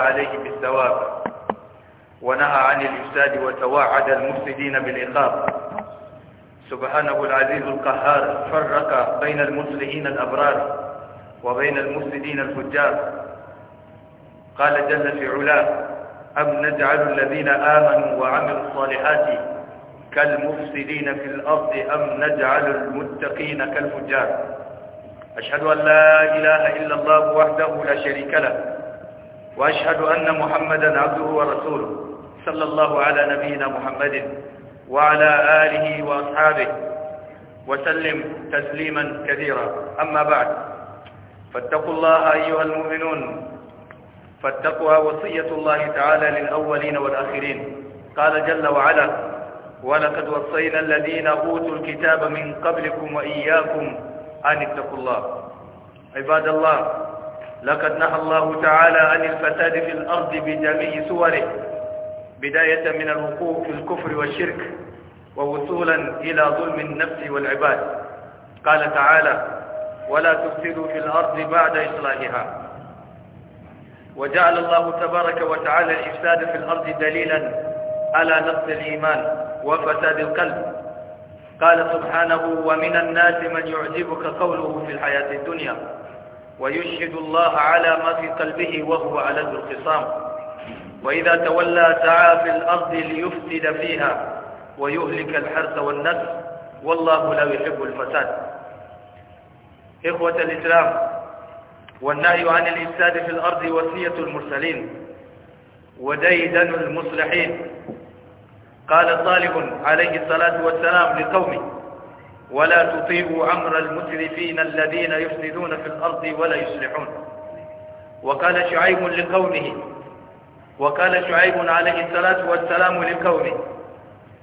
عليه بالثواب ونهى عن الإفساد وتوعد المفسدين بالعقاب سبحانه العزيز القهار فرق بين المصلحين الأبرار وبين المفسدين الفجار قال جل في علاه أم نجعل الذين آمنوا وعملوا الصالحات كالمفسدين في الأرض أم نجعل المتقين كالفجار أشهد أن لا إله إلا الله وحده لا شريك له وأشهد أن محمدا عبده ورسوله صلى الله على نبينا محمد وعلى آله وأصحابه وسلم تسليما كثيرا أما بعد فاتقوا الله أيها المؤمنون فاتقوا وصية الله تعالى للأولين والآخرين قال جل وعلا ولقد وصينا الذين أوتوا الكتاب من قبلكم وإياكم أن اتقوا الله عباد الله لقد نهى الله تعالى عن الفساد في الأرض بجميع صوره بداية من الوقوع في الكفر والشرك ووصولا إلى ظلم النفس والعباد قال تعالى ولا تفسدوا في الأرض بعد إصلاحها وجعل الله تبارك وتعالى الإفساد في الأرض دليلا على نقص الإيمان وفساد القلب قال سبحانه ومن الناس من يعجبك قوله في الحياة الدنيا ويشهد الله على ما في قلبه وهو على ذو الخصام وإذا تولى سعى في الأرض ليفسد فيها ويهلك الحرث والنسل والله لا يحب الفساد إخوة الإسلام والنهي عن الإفساد في الأرض وصية المرسلين وديدن المصلحين قال طالب عليه الصلاة والسلام لقومه ولا تطيعوا أمر المسرفين الذين يفسدون في الأرض ولا يصلحون وقال شعيب لقومه وقال شعيب عليه الصلاة والسلام لقومه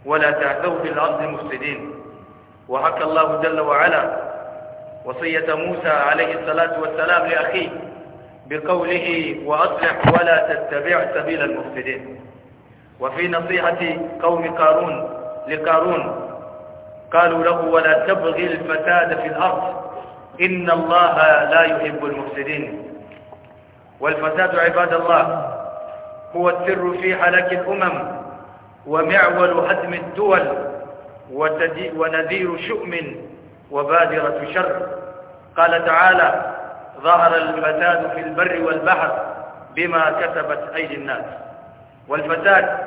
ولا تعثوا في الأرض مفسدين وحكى الله جل وعلا وصية موسى عليه الصلاة والسلام لأخيه بقوله وأصلح ولا تتبع سبيل المفسدين وفي نصيحة قوم قارون لقارون قالوا له ولا تبغي الفساد في الأرض إن الله لا يحب المفسدين والفساد عباد الله هو السر في حلاك الأمم ومعول هدم الدول ونذير شؤم وبادرة شر قال تعالى ظهر الفساد في البر والبحر بما كسبت أيدي الناس والفساد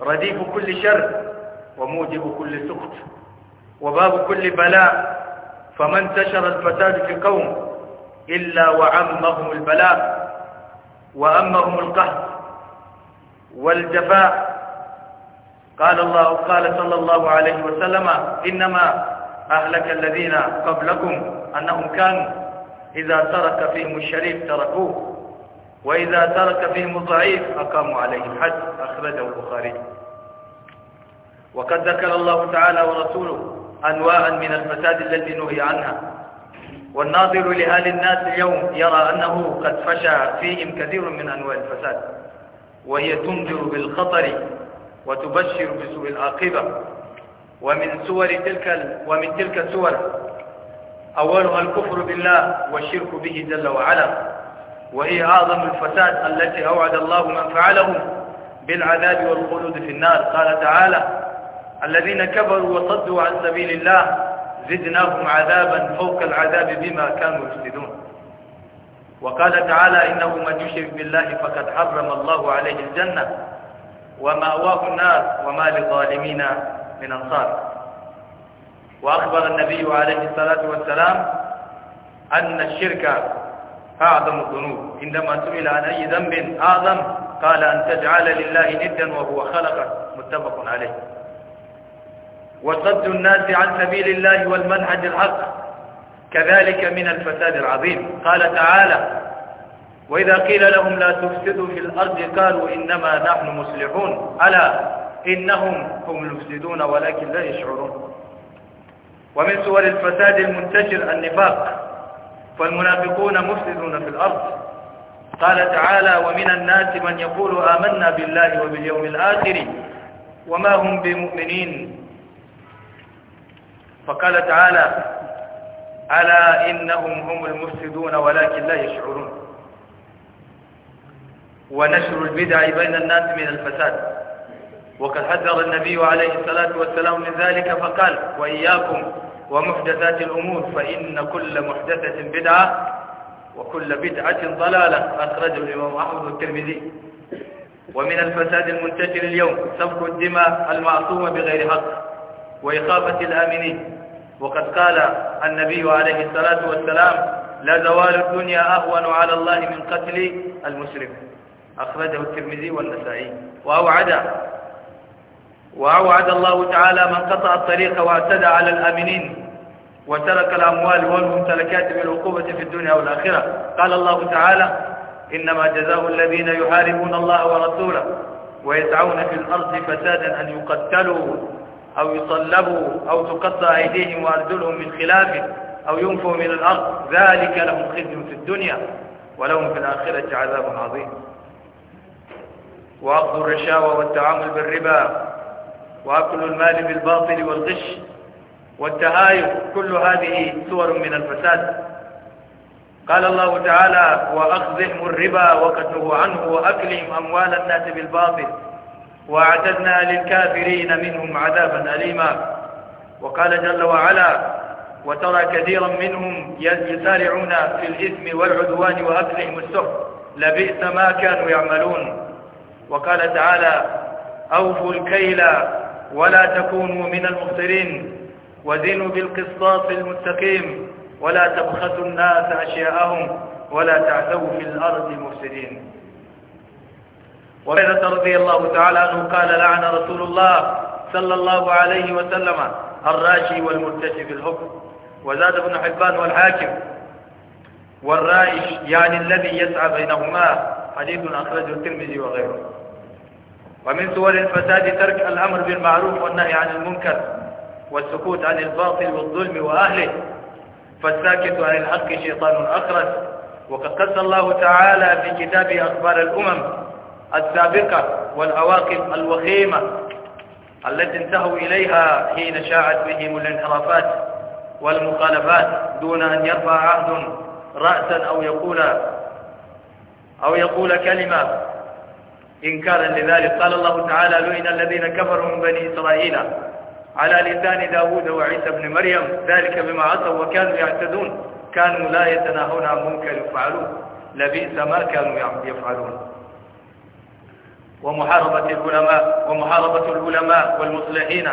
رديف كل شر وموجب كل سخط وباب كل بلاء فما انتشر الفساد في قوم إلا وعمهم البلاء وأمهم القهر والجفاء قال الله قال صلى الله عليه وسلم إنما أهلك الذين قبلكم أنهم كانوا إذا ترك فيهم الشريف تركوه وإذا ترك فيهم الضعيف أقاموا عليه الحد أخرجه البخاري وقد ذكر الله تعالى ورسوله أنواعا من الفساد التي نهي عنها والناظر لحال الناس اليوم يرى أنه قد فشى فيهم كثير من أنواع الفساد وهي تنذر بالخطر وتبشر بسوء العاقبة ومن سور تلك ومن تلك السور أولها الكفر بالله والشرك به جل وعلا وهي أعظم الفساد التي أوعد الله من فعله بالعذاب والخلود في النار قال تعالى الذين كبروا وصدوا عن سبيل الله زدناهم عذابا فوق العذاب بما كانوا يفسدون وقال تعالى إنه من يشرك بالله فقد حرم الله عليه الجنة ومأواه النار وما للظالمين من أنصار وأخبر النبي عليه الصلاة والسلام أن الشرك أعظم الذنوب عندما سئل عن أي ذنب أعظم قال أن تجعل لله ندا وهو خلقك متفق عليه وصد الناس عن سبيل الله والمنهج الحق كذلك من الفساد العظيم قال تعالى وإذا قيل لهم لا تفسدوا في الأرض قالوا إنما نحن مصلحون ألا إنهم هم المفسدون ولكن لا يشعرون ومن صور الفساد المنتشر النفاق فالمنافقون مفسدون في الأرض قال تعالى ومن الناس من يقول آمنا بالله وباليوم الآخر وما هم بمؤمنين فقال تعالى ألا إنهم هم المفسدون ولكن لا يشعرون ونشر البدع بين الناس من الفساد وقد حذر النبي عليه الصلاة والسلام من ذلك فقال وإياكم ومحدثات الأمور فإن كل محدثة بدعة وكل بدعة ضلالة أخرجه الإمام أحمد الترمذي ومن الفساد المنتشر اليوم سفك الدماء المعصومة بغير حق وإخافة الآمنين وقد قال النبي عليه الصلاة والسلام لا زوال الدنيا أهون على الله من قتل المسلم أخرجه الترمذي والنسائي وأوعد وأوعد الله تعالى من قطع الطريق واعتدى على الآمنين وترك الأموال والممتلكات بالعقوبة في الدنيا والآخرة قال الله تعالى إنما جزاء الذين يحاربون الله ورسوله ويسعون في الأرض فسادا أن يقتلوا أو يصلبوا أو تقطع أيديهم وأرجلهم من خلافه أو ينفوا من الأرض ذلك لهم خزي في الدنيا ولهم في الآخرة عذاب عظيم وأخذ الرشاوى والتعامل بالربا وأكل المال بالباطل والغش والتهايب كل هذه صور من الفساد قال الله تعالى وأخذهم الربا وقد نهوا عنه وأكلهم أموال الناس بالباطل وأعتدنا للكافرين منهم عذابا أليما وقال جل وعلا وترى كثيرا منهم يسارعون في الإثم والعدوان وأكلهم السحت لبئس ما كانوا يعملون وقال تعالى أوفوا الكيل ولا تكونوا من المخسرين وزنوا بالقسطاس المستقيم ولا تبخسوا الناس أشياءهم ولا تعثوا في الأرض مفسدين وبعدة رضي الله تعالى عنه قال لعن رسول الله صلى الله عليه وسلم الراشي والمرتشي في الحكم وزاد ابن حبان والحاكم والرائش يعني الذي يسعى بينهما حديث أخرجه الترمذي وغيره ومن صور الفساد ترك الأمر بالمعروف والنهي عن المنكر والسكوت عن الباطل والظلم وأهله فالساكت عن الحق شيطان أخرس وقد قص الله تعالى في كتابه أخبار الأمم السابقة والعواقب الوخيمة التي انتهوا إليها حين شاعت بهم الانحرافات والمخالفات دون أن يرفع عهد رأسا أو يقول أو يقول كلمة إنكارا لذلك قال الله تعالى لئن الذين كفروا من بني إسرائيل على لسان داود وعيسى بن مريم ذلك بما عصوا وكانوا يعتدون كانوا لا يتناهون عن منكر يفعلون لبئس ما كانوا يفعلون ومحاربة العلماء ومحاربة العلماء والمصلحين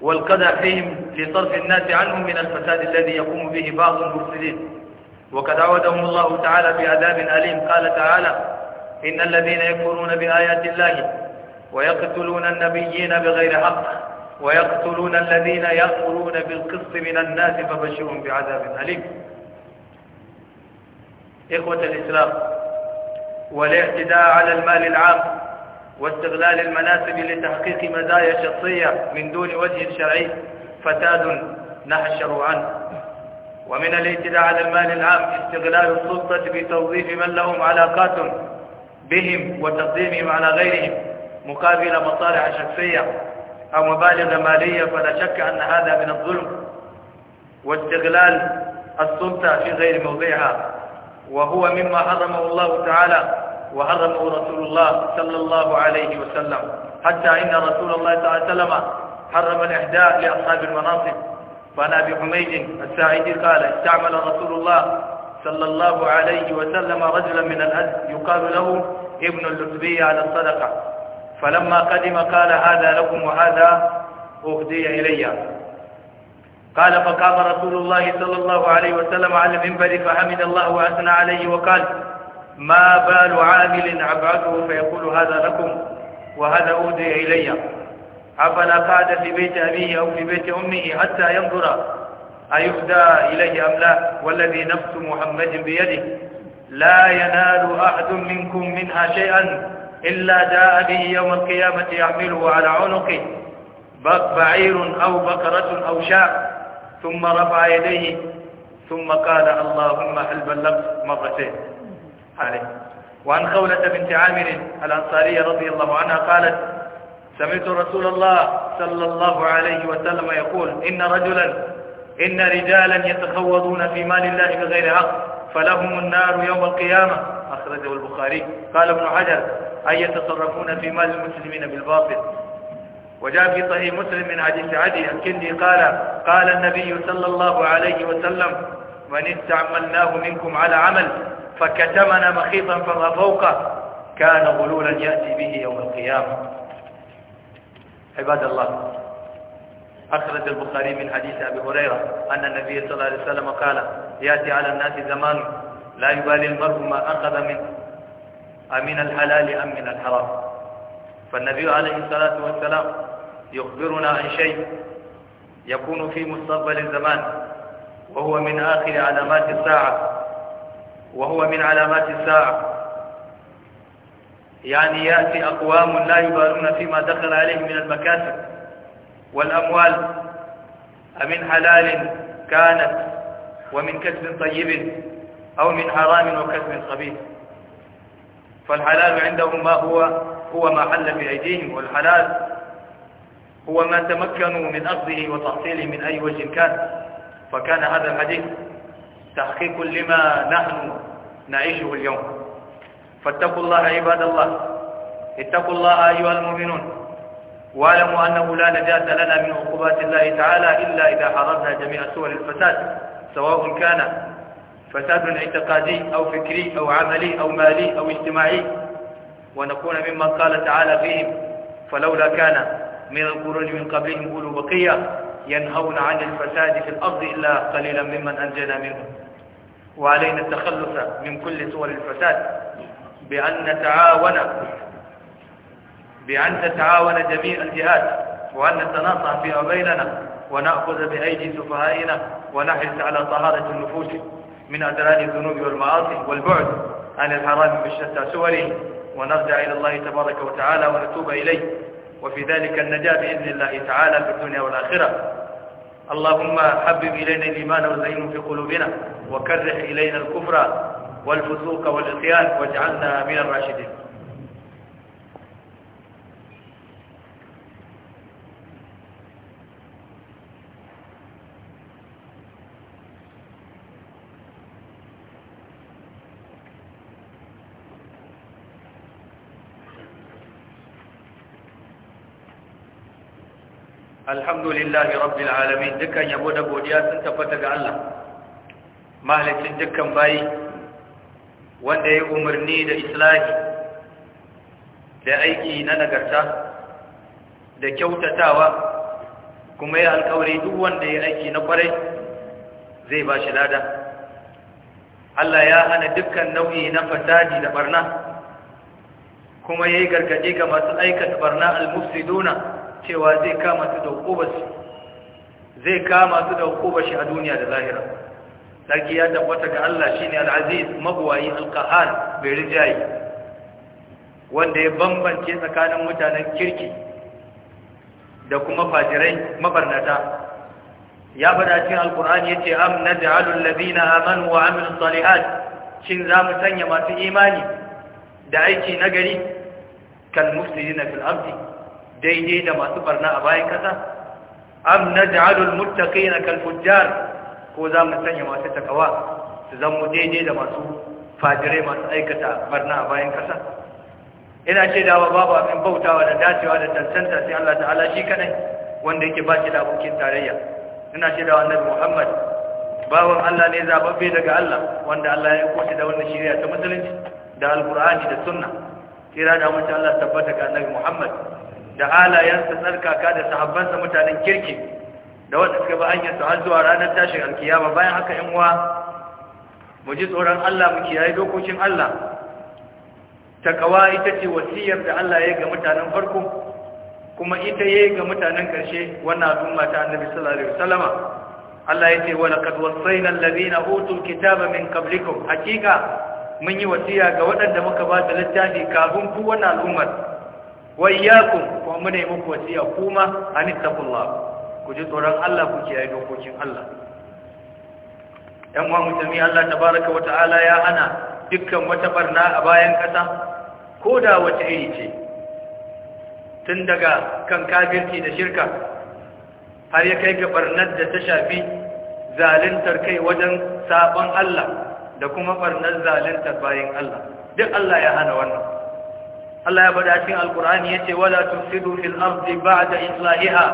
والقدع فيهم لصرف الناس عنهم من الفساد الذي يقوم به بعض المفسدين وقد عودهم الله تعالى بعذاب أليم قال تعالى إن الذين يكفرون بآيات الله ويقتلون النبيين بغير حق ويقتلون الذين يأمرون بالقسط من الناس فبشرهم بعذاب أليم إخوة الإسلام والاعتداء على المال العام واستغلال المناسب لتحقيق مزايا شخصية من دون وجه شرعي فساد نحشر عنه ومن الاعتداء على المال العام استغلال السلطة بتوظيف من لهم علاقات بهم وتقديمهم على غيرهم مقابل مصالح شخصية أو مبالغ مالية فلا شك أن هذا من الظلم واستغلال السلطة في غير موضعها وهو مما حرمه الله تعالى وهرمه رسول الله صلى الله عليه وسلم حتى إن رسول الله صلى الله عليه وسلم حرم الإحداء لأصحاب المناصب فأنا أبي حميد الساعدي قال استعمل رسول الله صلى الله عليه وسلم رجلا من الأز يقال له ابن اللتبي على الصدقة فلما قدم قال هذا لكم وهذا أهدي إلي قال فقام رسول الله صلى الله عليه وسلم على المنبر فحمد الله وأثنى عليه وقال ما بال عامل أبعده فيقول هذا لكم وهذا أودي إلي أفلا قعد في بيت أبيه أو في بيت أمه حتى ينظر أيهدى إليه أم لا والذي نفس محمد بيده لا ينال أحد منكم منها شيئا إلا جاء به يوم القيامة يحمله على عنقه بعير أو بقرة أو شاء ثم رفع يديه ثم قال اللهم هل بلغت مرتين عليه وعن خولة بنت عامر الأنصارية رضي الله عنها قالت سمعت رسول الله صلى الله عليه وسلم يقول إن رجلا إن رجالا يتخوضون في مال الله بغير حق فلهم النار يوم القيامة أخرجه البخاري قال ابن حجر أي يتصرفون في مال المسلمين بالباطل وجاء في صحيح مسلم من حديث عدي الكندي قال قال النبي صلى الله عليه وسلم من استعملناه منكم على عمل فكتمنا مخيطا فما فوقه كان غلولا يأتي به يوم القيامة عباد الله أخرج البخاري من حديث أبي هريرة أن النبي صلى الله عليه وسلم قال يأتي على الناس زمان لا يبالي المرء ما أخذ منه أمن الحلال أم من الحرام فالنبي عليه الصلاة والسلام يخبرنا عن شيء يكون في مستقبل الزمان وهو من آخر علامات الساعة وهو من علامات الساعة يعني يأتي أقوام لا يبالون فيما دخل عليهم من المكاسب والأموال أمن حلال كانت ومن كسب طيب أو من حرام وكسب خبيث فالحلال عندهم ما هو هو ما حل بأيديهم والحلال هو ما تمكنوا من أخذه وتحصيله من أي وجه كان فكان هذا الحديث تحقيق لما نحن نعيشه اليوم فاتقوا الله عباد الله اتقوا الله أيها المؤمنون واعلموا أنه لا نجاة لنا من عقوبات الله تعالى إلا إذا حررنا جميع سور الفساد سواء كان فساد اعتقادي أو فكري أو عملي أو مالي أو اجتماعي ونكون ممن قال تعالى فيهم فلولا كان من القرون من قبلهم أولو بقية ينهون عن الفساد في الأرض إلا قليلا ممن أنجنا منهم وعلينا التخلص من كل صور الفساد بأن نتعاون بأن تتعاون جميع الجهات وأن نتناصح فيما بيننا ونأخذ بأيدي سفهائنا ونحرص على طهارة النفوس من أدران الذنوب والمعاصي والبعد عن الحرام بشتى سوره ونرجع إلى الله تبارك وتعالى ونتوب إليه وفي ذلك النجاة بإذن الله تعالى في الدنيا والآخرة اللهم حبب إلينا الإيمان وزينه في قلوبنا وكره إلينا الكفر والفسوق والعصيان واجعلنا من الراشدين alhamdulillahi rabbil alamin dukkan yabo da godiya sun tabbata ga Allah mahalicin dukkan bayi wanda ya umarni da islahi da aiki na nagarta da kyautatawa kuma ya alkawari duk wanda ya aiki na kwarai zai ba shi lada Allah ya hana dukkan nau'i na fasadi da barna kuma ya yi gargaɗe ga masu aikata barna al-mufsiduna cewa zai kama su da hukubar zai kama su da shi a duniya da zahira sarki ya tabbata ga Allah shine al-aziz magwayi al-qahar bai rijayi wanda ya bambance tsakanin mutanen kirki da kuma fajirai mabarnata ya faɗa cikin alkur'ani yace am naj'alul ladina amanu wa amilus salihat shin za mu sanya masu imani da aiki nagari kal mufsidina fil ardi daidai da masu barna a bayan kasa am naj'alul muttaqina kal fujjar ko za mu sanya masu takawa su zama daidai da masu fajirai masu aikata barna a bayan kasa ina ce da babu abin bautawa da dacewa da tantanta sai Allah ta'ala shi kadai wanda yake ba shi da abokin tarayya ina ce da annabi Muhammad bawan Allah ne zababbe daga Allah wanda Allah ya kwace da wannan shari'a ta musulunci da alqur'ani da sunna kira da mutum Allah tabbata ga annabi Muhammad da halayensa tsarkaka da sahabbansa mutanen kirki da wanda suka bi hanyar su har zuwa ranar tashin alkiyama bayan haka yan uwa mu ji tsoron Allah mu kiyaye dokokin Allah Ta takawa ita ce wasiyar da Allah ya yi ga mutanen farko kuma ita ya yi ga mutanen ƙarshe wannan al'umma ta annabi sallallahu alaihi wasallama Allah ya ce wala qad wasayna alladhina utul kitaba min qablikum hakika mun yi wasiya ga waɗanda muka ba da littafi kafin ku wannan al'ummar wa iyyakum kuma muna yi muku wasiya kuma anittaqullah ku ji tsoron Allah ku kiyaye dokokin Allah yan uwa musulmi Allah tabaraka wa ta'ala ya hana dukkan wata barna a bayan kasa ko da wata iri ce tun daga kan kafirci da shirka har ya kai ga barnar da ta shafi zaluntar kai wajen sabon Allah da kuma barnar zaluntar bayan Allah duk Allah ya hana wannan Allah ya faɗa cikin alkur'ani yace wala tusidu fil ardi ba'da islahiha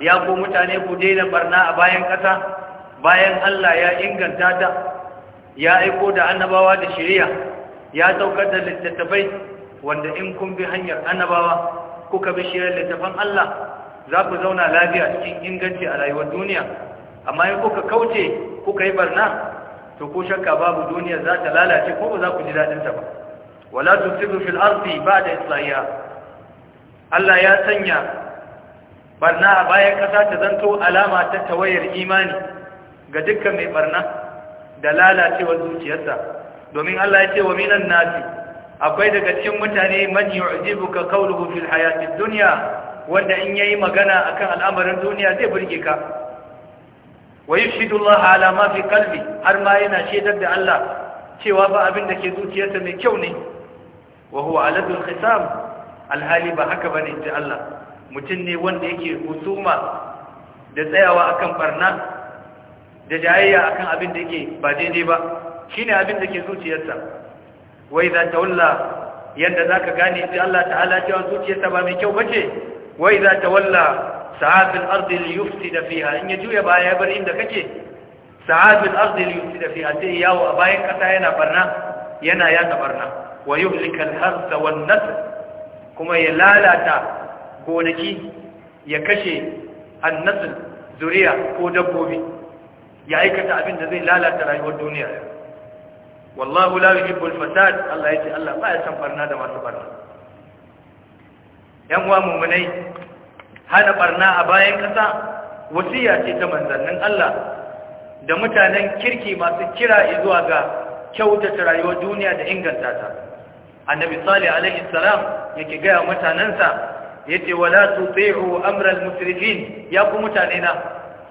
ya ku mutane ku daina barna a bayan ƙasa bayan Allah ya inganta ta ya aiko da annabawa da shari'a ya saukar da littattafai wanda in kun bi hanyar annabawa kuka bi shari'ar littafan Allah za ku zauna lafiya cikin inganci a rayuwar duniya amma in kuka kauce kuka yi barna to ko shakka babu duniya za ta lalace ko ba za ku ji ta ba wala tusidu fil ardi ba'da islahiha Allah ya sanya barna a bayan kasa ta zanto alama ta tawayar imani ga dukkan mai barna da lalacewar zuciyarsa domin Allah ya ce wa minan nasi akwai daga cikin mutane man yu'jibuka qawluhu fil hayatid dunya wanda in yayi magana akan al'amarin duniya zai burge ka wa yashhadu Allah ala ma fi qalbi har ma yana shaidar da Allah cewa ba abin da ke zuciyarsa mai kyau ne wa huwa aladul khisam alhali ba haka bane inji Allah mutum ne wanda yake husuma da tsayawa akan barna da jayayya akan abin da yake ba daidai ba shine abin da ke zuciyarsa wa idza tawalla yanda zaka gane inji Allah ta'ala cewa zuciyarsa ba mai kyau bace wa idza tawalla sa'abil ardi liyufsida fiha in yajuya baya bar inda kake sa'abil ardi liyufsida fiha sai yawo a bayan kasa yana barna yana yaka barna wa yuhlika harsa wan nasl kuma ya lalata gonaki ya kashe an-nasl zuriya ko dabbobi ya aikata abin da zai lalata rayuwar duniya wallahu la yuhibbu fasad Allah yace Allah ba ya san barna da masu barna yan wa mu'minai hana barna a bayan kasa wasiya ce ta manzannin Allah da mutanen kirki masu kira zuwa ga kyautata rayuwar duniya da inganta ta annabi salih alaihi salam yake gaya mutanensa yace wala tuti'u amra al-musrifin ya ku mutane na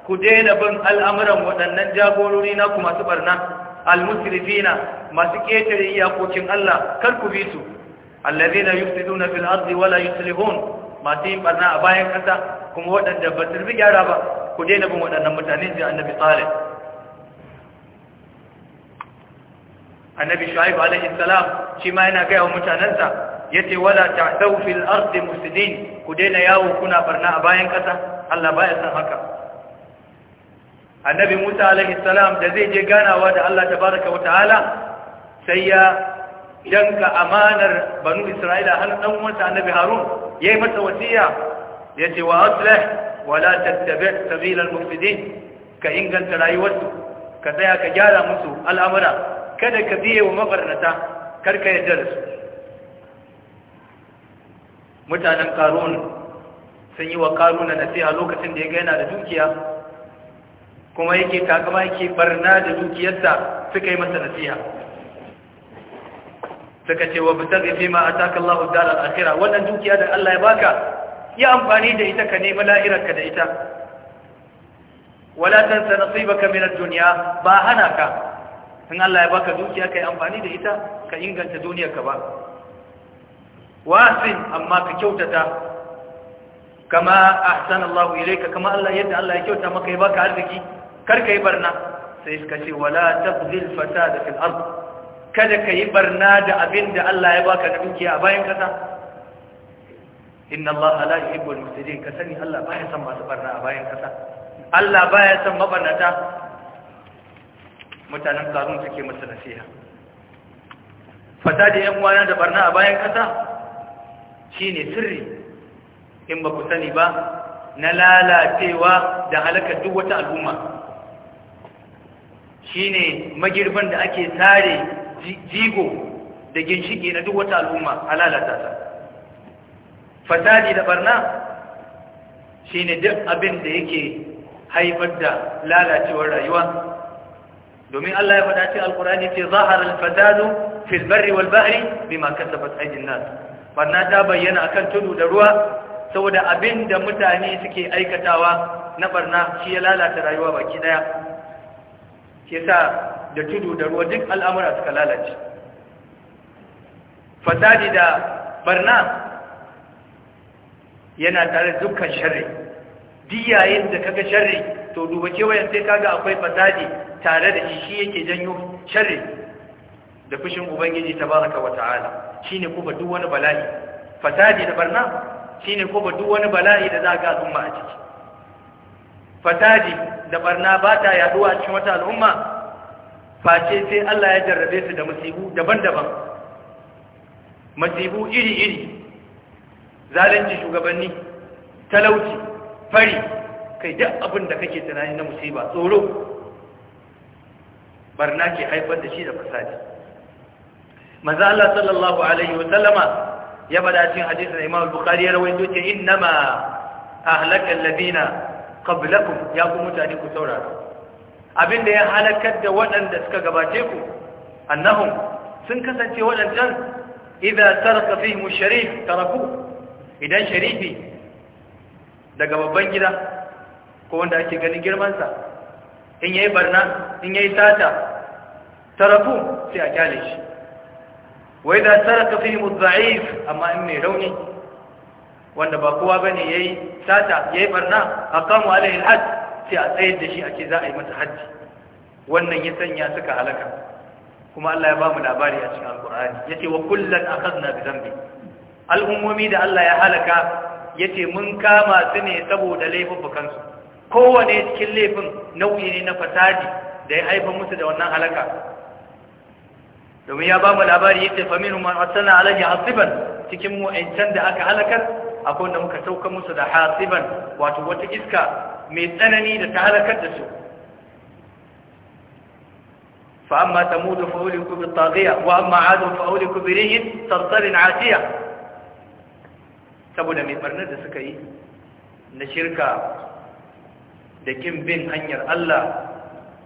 ku daina bin al'amuran waɗannan jagorori na ku masu barna al-musrifina masu ketare iyakokin Allah kar ku bi su alladhina yufsiduna fil ardi wala yuslihun masu yin barna a bayan kasa kuma waɗanda ba su gyara ba ku daina bin waɗannan mutane da annabi salih annabi shu'aib alaihi salam shi ma yana gaya wa mutanensa yace wala ta'tau fil ardi mufsidin ku daina yawo kuna barna a bayan kasa Allah baya san haka annabi Musa alaihi salam da zai je ganawa da Allah tabaraka wa ta'ala sai ya yanka amanar banu Isra'ila har dan wata annabi Harun yayi masa wasiya yace wa aslih wa tattabi' sabila al-mufsidin ka inganta rayuwarsu ka tsaya ka gyara musu al'amura kada ka biye wa mabarnata karka yadda da su mutanen karun sun yi wa na nasiha lokacin da ya ga yana da dukiya kuma yake takama yake barna da dukiyarsa suka yi masa nasiha suka ce wa bitar fi ma ataka Allah daral akira. wannan dukiya da Allah ya baka Yi amfani da ita ka nemi lahirarka da ita wala tansa nasibaka min ad-dunya ba hana ka in Allah ya baka dukiya kai amfani da ita ka inganta duniyarka ba wasin amma ka kyautata kama ahsana Allah ilayka kama Allah yadda Allah ya kyauta maka ya baka arziki kar ka yi barna sai suka ce wala tabdil fasada fil ard kada ka yi barna da abin da Allah ya baka na dukiya a bayan kasa inna Allah la yuhibbul mufsidin ka sani Allah baya son masu barna a bayan kasa Allah baya son mabarnata mutanen karun suke masa nasiha fata da yan uwana da barna a bayan kasa shine sirri in ba ku sani ba na lalacewa da halakar duk wata al'umma shine magirban da ake tare jigo da ginshiki na duk wata al'umma a lalata ta fasadi da barna shine duk abin da yake haifar da lalacewar rayuwa domin Allah ya faɗa ce alkurani ce zahara al-fasadu fil barri wal bahri bima kasabat aydin nas barna ta bayyana akan tudu da ruwa saboda abin da mutane suke aikatawa na barna shi ya lalata rayuwa baki daya ke sa da tudu da ruwa duk al'amura suka lalace fasadi da barna yana tare dukkan sharri diyayen da kaga sharri to duba kewayen sai kaga akwai fasadi tare da shi shi yake janyo sharri da fushin ubangiji tabaraka wa ta'ala shine kuma duk wani bala'i fasadi da barna shine kuma duk wani bala'i da za ga al'umma a ciki fasadi da barna ba ta yaduwa a cikin wata al'umma face sai Allah ya jarrabe su da musibu daban-daban musibu iri-iri zalunci shugabanni talauci fari kai duk abin da kake tunani na musiba tsoro barna ke haifar da shi da fasadi manzo Allah sallallahu alaihi wa sallama ya bada cikin hadisin Imam bukari ya rawaito ce innama ahlakal ladina qablakum ya ku mutane ku saurara abinda ya halakar da waɗanda suka gabace ku annahum sun kasance waɗancan idan fi mu sharif taraku idan sharifi daga babban gida ko wanda ake ganin girmansa in yayi barna in yayi sata tarafu sai a kyale shi wai da saraka fi mudha'if amma in mai rauni wanda ba kowa bane yayi sata yayi barna aqamu alaihi alhajj sai a tsayar da shi a ce za a yi masa hajji wannan ya sanya suka halaka kuma Allah ya bamu labari a cikin alqur'ani yace wa kullan akhadna bi dhanbi al'ummomi da Allah ya halaka yace mun kama su ne saboda laifukan su kowane cikin laifin nau'i ne na fasadi da ya haifa musu da wannan halaka domin ya ba mu labari yadda faminu man asana alaihi hasiban cikin mu'ayyan da aka halakar akwai wanda muka sauka musu da hasiban wato wata iska mai tsanani da ta halakar da su fa amma tamudu fa uliku bi taghiya wa amma adu fa uliku bi rihin sarsarin atiya saboda mai barnar da suka yi na shirka da kin bin hanyar Allah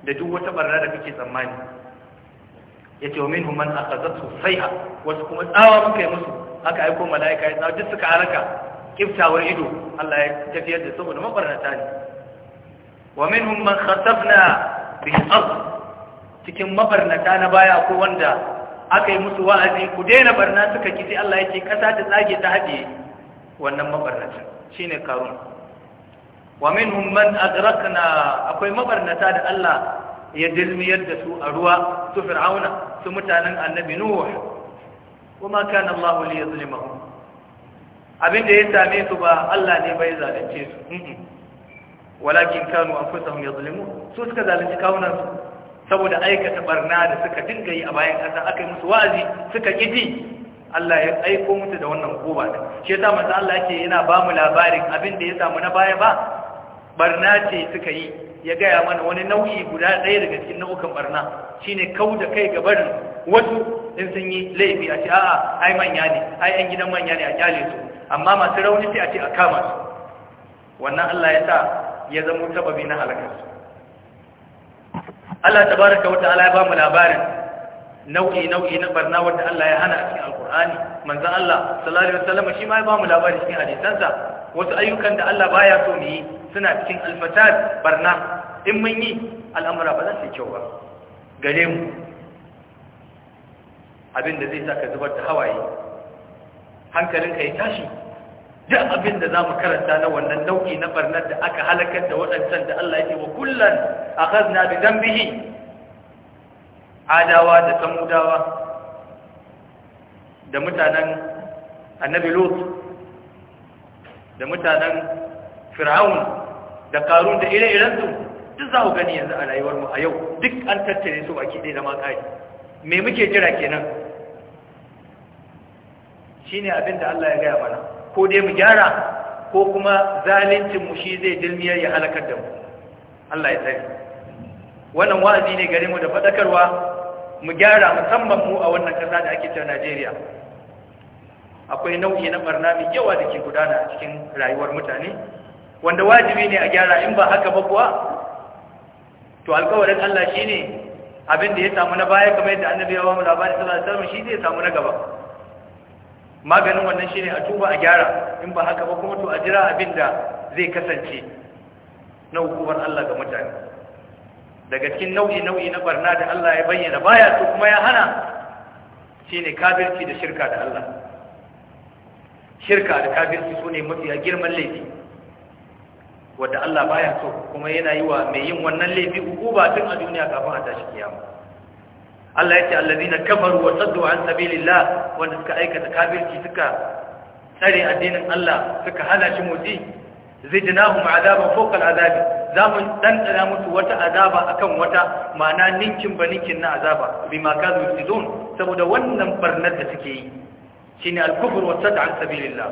da duk wata barna da kake tsammani ya ce wa min human aka zatsu wasu kuma tsawa muka yi musu aka aiko mala'ika ya tsawa duk suka haraka kiftawar ido Allah ya tafiyar da saboda mabarnata ne wa min man khasafna bil ard cikin mabarnata na baya ko wanda aka yi musu wa'azi ku daina barna suka ki sai Allah ya ce kasa ta tsage ta haɗe wannan mabarnata shine karun wa minhum man adrakna akwai mabarnata da Allah ya dilmiyar da su a ruwa su fir'auna su mutanen annabi nuh kuma kana Allah li yuzlimahum abin da ya same su ba Allah ne bai zalunce su walakin kanu anfusahum yuzlimun su suka zalunci kawunan su saboda aikata barna da suka dinga yi a bayan kasa aka yi musu wa'azi suka kiji Allah ya aiko musu da wannan goba da shi yasa manzo Allah yake yana ba mu labarin abin da ya samu na baya ba barna ce suka yi ya gaya mana wani nau'i guda ɗaya daga cikin nau'ukan barna Shi ne kau da kai ga barin wasu in sun yi laifi a ce a'a ai manya ne ai yan gidan manya ne a kyale su amma masu rauni sai a ce a kama su wannan Allah ya sa ya zama sababi na halakar su Allah tabaraka wata Allah ya ba mu labarin nau'i nau'i na barna wanda Allah ya hana a cikin alkur'ani manzon Allah sallallahu alaihi wasallam shi ma ya ba mu labarin cikin hadisansa wasu ayyukan da Allah baya so mu yi suna cikin alfasad barna in mun yi al'amura ba za su yi kyau ba gare mu abinda zai sa ka zubar da hawaye hankalinka ya tashi duk abinda za mu karanta na wannan nau'i na barnar da aka halakar da waɗancan da Allah ya ce wa kullum a kazna da dambihi adawa da samudawa da mutanen annabi lot da mutanen fir'aun da karun da ire-iren su duk za ku gani yanzu a rayuwar mu a yau duk an tattare su baki ɗaya zama ƙari me muke jira kenan shine abin da Allah ya gaya mana ko dai mu gyara ko kuma zalincin mu shi zai dilmiyar ya halakar da mu Allah ya tsare wannan wa'azi ne gare mu da faɗakarwa mu gyara musamman mu a wannan kasa da ake ta Najeriya akwai nau'i na barna mai yawa da ke gudana a cikin rayuwar mutane wanda wajibi ne a gyara in ba haka ba kuwa to alƙawarin Allah shine abin da ya samu na baya kamar yadda annabi ya bamu labari sallallahu alaihi wasallam shi zai samu na gaba maganin wannan shine a tuba a gyara in ba haka ba kuma to a jira abin da zai kasance na hukumar Allah ga mutane daga cikin nau'i nau'i na barna da Allah ya bayyana baya to kuma ya hana shine kafirci da shirka da Allah shirka da kafirci sune mafi girman laifi wadda Allah baya so kuma yana yi wa mai yin wannan laifi ba tun a duniya kafin a tashi kiyama Allah ya ce allazina kafaru wa saddu an sabilillah wanda suka aikata kafirci suka tsare addinin Allah suka hana shi motsi zidnahum azaban fawqa al'azab zamu ɗanɗana musu wata azaba akan wata ma'ana ninkin ba ninkin na azaba bima kazu yusizun saboda wannan barnar da suke yi shine al-kufr wa sad'an sabilillah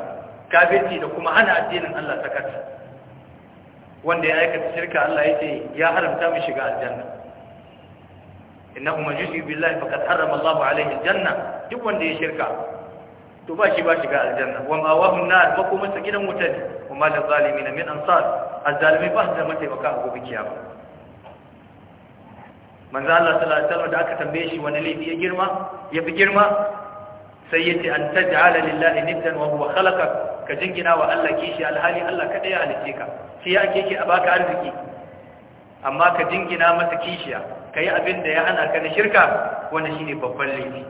kafirci da kuma hana addinin Allah sakata wanda ya aikata shirka Allah yake ya haramta mu shiga aljanna innahu majusi billahi faqad harrama Allahu alayhi aljanna duk wanda ya shirka to ba shi ba shiga aljanna wa ma wa nar ba kuma sa gidan wuta kuma da zalimin min ansar azzalimi ba da mata baka a gobe ba. manzo Allah sallallahu alaihi wasallam da aka tambaye shi wani laifi ya girma ya fi girma sai yace an taj'ala lillahi niddan wa huwa khalaqak ka jingina wa Allah kishi alhali Allah kada ya halice ka shi ya ake a baka arziki amma ka jingina masa kishiya kai abin da ya hana ka na shirka wannan shine babban laifi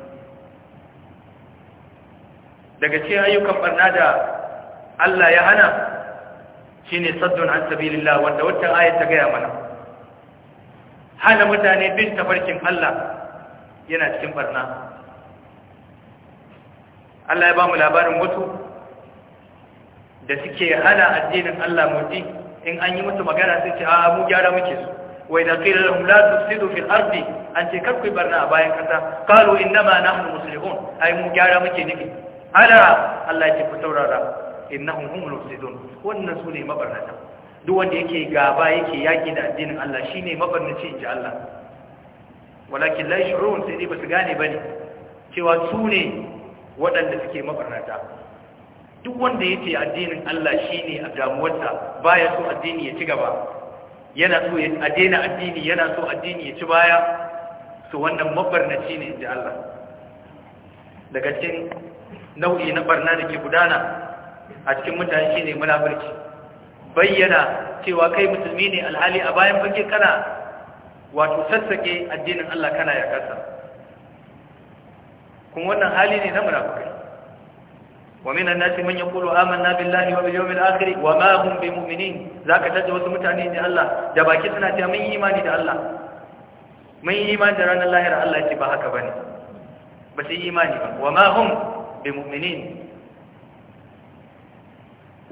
daga cikin ayyukan barna da Allah ya hana shine saddun an sabilillah wanda wata ayat ta gaya mana hana mutane bin tafarkin Allah yana cikin barna Allah ya ba mu labarin wasu da suke hana addinin Allah motsi in an yi musu magana sai ce a mu gyara muke su wa da qila lahum la tufsidu fil ardi an ce kar kakku barna a bayan kasa qalu innama nahnu muslihun ai mu gyara muke nufi ala Allah ya ce ku saurara innahum humul mufsidun wannan su ne mabarnata duk wanda yake gaba yake yaki da addinin Allah shine mabarnaci inji Allah walakin la yashurun sai dai basu gane bane cewa su ne. waɗanda suke mabarnata duk wanda yake addinin Allah shine a damuwarsa baya so addini ya ci gaba yana so ya daina addini yana so addini ya ci baya su wannan mabarnaci ne inji Allah daga cikin nau'i na barna da ke gudana a cikin mutane shine munafurci bayyana cewa kai musulmi ne alhali a bayan fage kana wato sassake addinin Allah kana kasa. kuma wannan hali ne na munafikai wa min annasi man yaqulu amanna billahi wa bil yawmil akhir wa ma hum bimu'minin zaka tada wasu mutane ne Allah da baki suna cewa mun yi imani da Allah mun yi imani da ranar lahira Allah yake ba haka bane ba su yi imani ba wa ma hum bimu'minin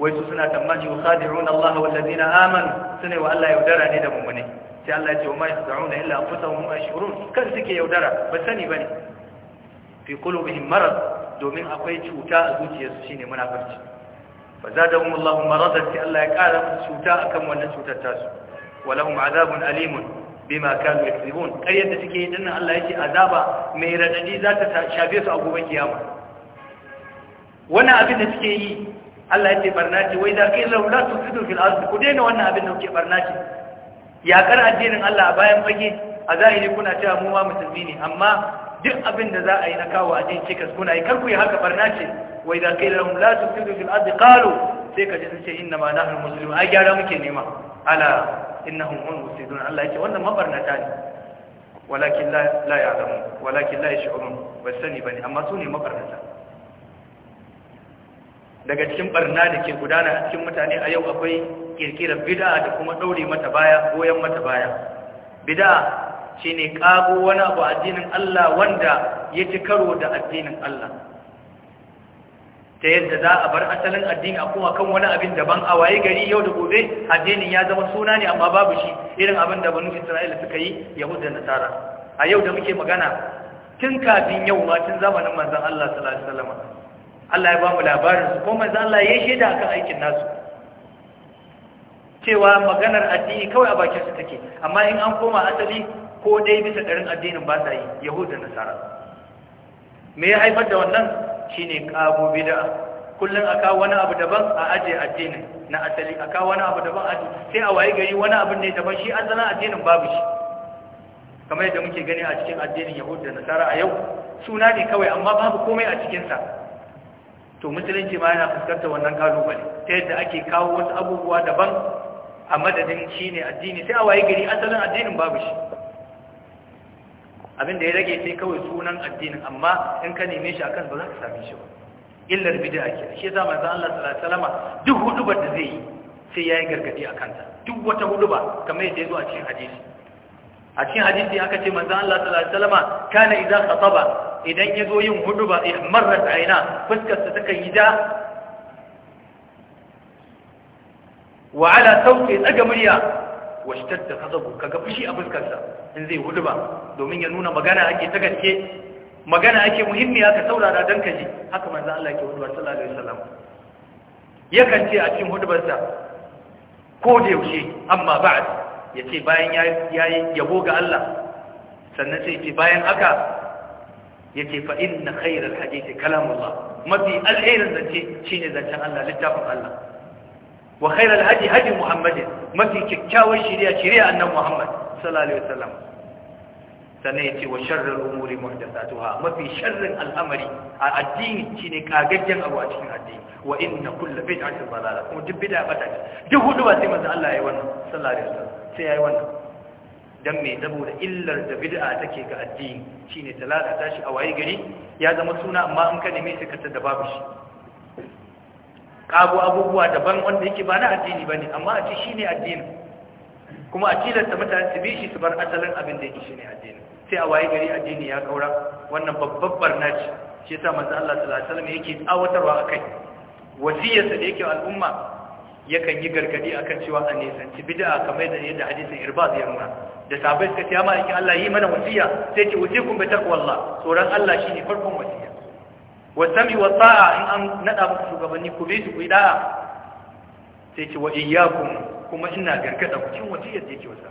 wai su suna tambaji wa khadi'una Allah wal ladina amanu sunai wa Allah yaudara ne da mu'mini sai Allah ya ce wa ma yasda'una illa anfusahum wa yashurun kan suke yaudara ba sani bane fi qulubihim marad domin akwai cuta a zuciyarsu shine munafirci fa zadahum Allahu maradan sai Allah ya kara musu cuta akan wannan cutar tasu walahum azabun alimun bima kanu yakribun karyar yadda suke yi dinnan Allah yake azaba mai radadi za ta shafe su a gobe kiyama wannan abin da suke yi Allah ya ce barna ce wai za ka yi laula tufidu fil ard ku daina wannan abin da kuke barna ce yakar addinin Allah a bayan fage a zahiri kuna cewa mu ma musulmi ne amma duk abin da za a yi na kawo a jin cikas kuna yi kar ku yi haka barna ce wai da kai lahum la tusidu fil ardi qalu sai ka ji sun ce inna ma nahnu muslimun ai gyara muke nema ala innahum hum musidun Allah yake wannan mabarnata ne walakin la la ya'lamu walakin la yash'urun basani bane amma su ne mabarnata daga cikin barna da ke gudana a cikin mutane a yau akwai kirkirar bid'a da kuma daure mata baya goyen mata baya bid'a ne ƙago wani abu addinin Allah wanda ya ci karo da addinin Allah ta yadda za a bar asalin addini a kuma kan wani abin daban a waye gari yau da gobe addinin ya zama suna ne amma babu shi irin abin da banu Isra'ila suka yi Yahud da Nasara a yau da muke magana tun kafin yau ma tun zamanin manzon Allah sallallahu alaihi Allah ya ba labarin su ko manzon Allah ya shaida akan aikin nasu cewa maganar addini kawai a bakinsu su take amma in an koma asali ko dai bisa ɗarin addinin ba sa yi yahudu da nasara me ya haifar da wannan shi ƙagobi kago kullum a kawo wani abu daban a ajiye addinin na asali A kawo wani abu daban sai a waye gari wani abu ne daban shi asalin addinin babu shi kamar yadda muke gani a cikin addinin yahud da nasara a yau suna ne kawai amma babu komai a cikinsa. to musulunci ma yana fuskantar wannan kalubale ta yadda ake kawo wasu abubuwa daban a madadin shi ne addini sai a waye gari asalin addinin babu shi abin da ya rage sai kawai sunan addinin amma in ka neme shi akan ba za ka same shi ba illar bid'a ke shi yasa manzo Allah sallallahu alaihi wasallam duk hudubar da zai yi sai yayi gargadi akan ta duk wata huduba kamar yadda ya zo a cikin hadisi a cikin hadisi aka ce manzo Allah sallallahu alaihi wasallam kana idan khataba idan ya zo yin huduba ya eh, ihmarrat aina fuskar sa take yi da wa ala sauti daga murya da kazabu kaga fushi a fuskarsa in zai hudu ba domin ya nuna magana ake ta gaske magana ake muhimmi aka saurara dan kaji haka manzo Allah ke hudu sallallahu alaihi wasallam Ya kance a cikin hudubarsa ko da yaushe amma ba'd yace bayan yayi yabo ga Allah sannan sai yace bayan haka yace fa inna khayral hadisi kalamullah mafi alherin zance shine zancen Allah littafin Allah wa khairal hadi hadi muhammadin mafi kyakkyawar shari'a shari'a annan muhammad sallallahu alaihi wasallam sannan yace wa sharrul umuri muhdathatuha mafi sharrin al'amari a addini shine kagaggen abu a cikin addini wa inna kullu bid'atin dalala kuma duk bid'a bata ce duk hudu ba sai manzo Allah yayi wannan sallallahu alaihi wasallam sai yayi wannan dan me saboda illar da bid'a take ga addini shine talata tashi a waye gari ya zama suna amma in ka neme shi ka tada babu shi kago abubuwa daban wanda yake ba na addini ba ne amma a ce shi ne addini kuma a tilasta mutane su bi shi su bar asalin abin da yake shi ne addini sai a waye gari addini ya kaura wannan babbar barna ce shi yasa manzo Allah sallallahu alaihi wasallam yake tsawatarwa akai wasiyarsa da yake al'umma yakan yi gargadi a kan cewa a nisanci bid'a kamar da yadda hadisin Irbad ya nuna da sabai suka ce ma yake Allah yi mana wasiya sai ce usikum bi taqwallah tsoron Allah shi ne farkon wasiya wa sami wa sa'a in an nada muku shugabanni ku bi su ku da'a sai ce wa iyyakum kuma ina gargada ku cin wasiyar da yake wasa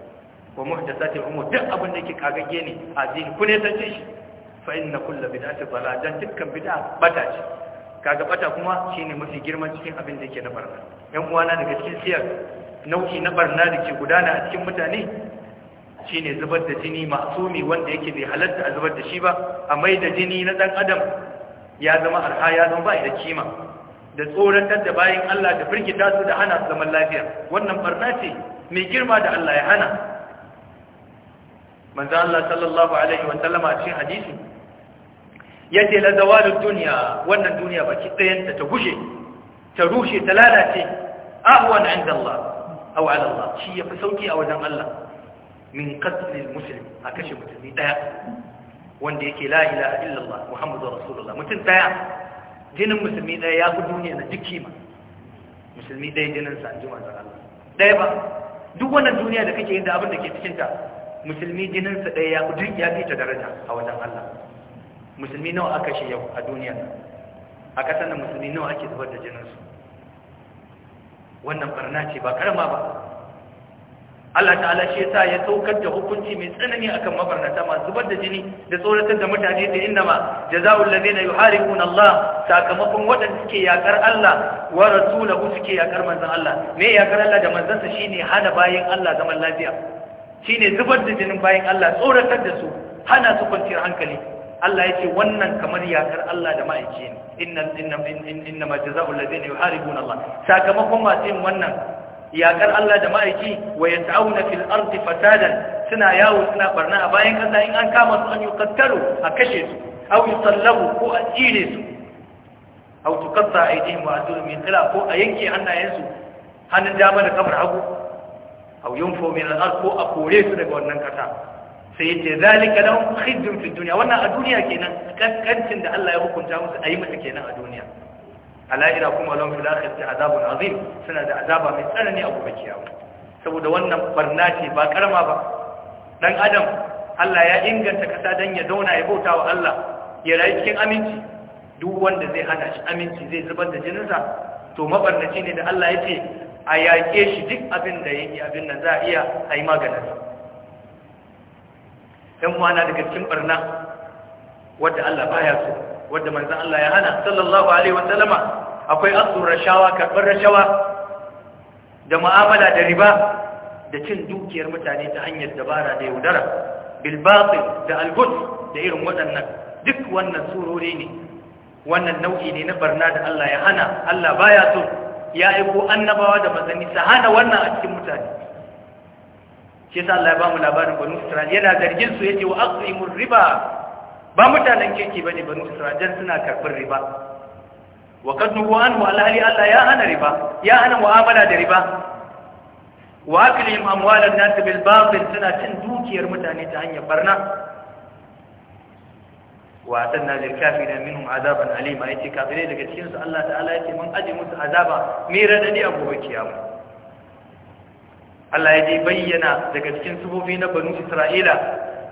wa muhdathatil umur duk abin da yake kagagge ne a zini ku ne tace shi fa inna kullu bid'atin dalalah dukkan bid'a bata ce kaga bata kuma shine mafi girman cikin abin da yake na barna yan uwana daga cikin siyar nau'i na barna da ke gudana a cikin mutane shine zubar da jini masumi wanda yake bai halatta a zubar da shi ba a mai da jini na dan adam ya zama arha ya zama bai da kima da tsoratar da bayan Allah da firgita su da hana zaman lafiya wannan barna ce mai girma da Allah ya hana manzo Allah sallallahu alaihi wa sallama a cikin hadisi yace la zawalud dunya wannan duniya baki ɗayan ta ta gushe ta rushe ta lalace ahwan inda Allah aw ala Allah shi yafi sauki a wajen Allah min qatl al-muslim a kashe mutum ɗaya wanda yake la ilaha illallah muhammadur rasulullah mutum daya jinin musulmi daya ya fi duniya na duk kima musulmi daya jinin sa anjima da Allah daya ba duk wannan duniya da kake yin da abin da ke cikin ta musulmi jinin sa daya ya fi ya fi ta daraja a wajen Allah musulmi nawa aka shi yau a duniya a kasar da musulmi nawa ake zubar da jinin su wannan barna ce ba karama ba Allah ta'ala shi yasa ya saukar da hukunci mai tsanani akan mabarnata masu zubar da jini da tsoratar da mutane da innama jazaa'ul ladina yuharibuna Allah sakamakon waɗanda suke yakar Allah wa rasulahu suke yakar manzon Allah me yakar Allah da manzansa shine hana bayin Allah zaman lafiya shine zubar da jinin bayin Allah tsoratar da su hana su kwanciyar hankali Allah ya ce wannan kamar yakar Allah da ma'aiki ne inna inna inna ma jazaa'ul ladina yuharibuna Allah sakamakon masu yin wannan yakar Allah da ma'aiki wa yata'awna fil ardi fasadan suna yawo suna barna a bayan kasa in an kama su an yukattaru a kashe su aw yusallabu ko a tsire su aw tuqatta aydihim wa arjuluhum min khilaf ko a yanke hannayensu hannun dama da kamar hagu aw yunfu min al-ard ko a kore su daga wannan kasa sai yace zalika lahum khizyun fid duniya. wannan a duniya kenan kankancin da Allah ya hukunta musu a yi mata kenan a duniya ala'ira kuma lon fil akhirati azabun azim suna da azaba mai tsanani a gobe kiyama saboda wannan barna ce ba karama ba dan adam Allah ya inganta kasa don ya zauna ya bauta wa Allah ya rayu cikin aminci duk wanda zai hana shi aminci zai zubar da jininsa to mabarnaci ne da Allah ya ce a yaƙe shi duk abin da yake abin da za a iya a yi maganin ɗan wana daga cikin barna wadda Allah baya so wadda manzan Allah ya hana sallallahu alaihi wa sallama. akwai asu rashawa karɓar rashawa da mu'amala da riba da cin dukiyar mutane ta hanyar dabara da yaudara bilbatin da alhud da irin waɗannan duk wannan tsorori ne wannan nau'i ne na barna da Allah ya hana Allah baya so ya aiko annabawa da manzanni su hana wannan a cikin mutane shi yasa Allah ya bamu labarin banu israel yana zargin su ce wa aqimur riba ba mutanen kirki ne banu Isra'il suna karɓar riba wa qad nuhu anhu alhali Allah ya hana riba ya hana mu'amala da riba wa aklihim amwalan nas bil batil suna cin dukiyar mutane ta hanyar barna wa atanna lil kafirin minhum azaban alima yace kafirai daga cikin su Allah ta'ala yace mun aje musu azaba mai radadi a gobe kiyama Allah ya dai bayyana daga cikin sufofi na banu Isra'ila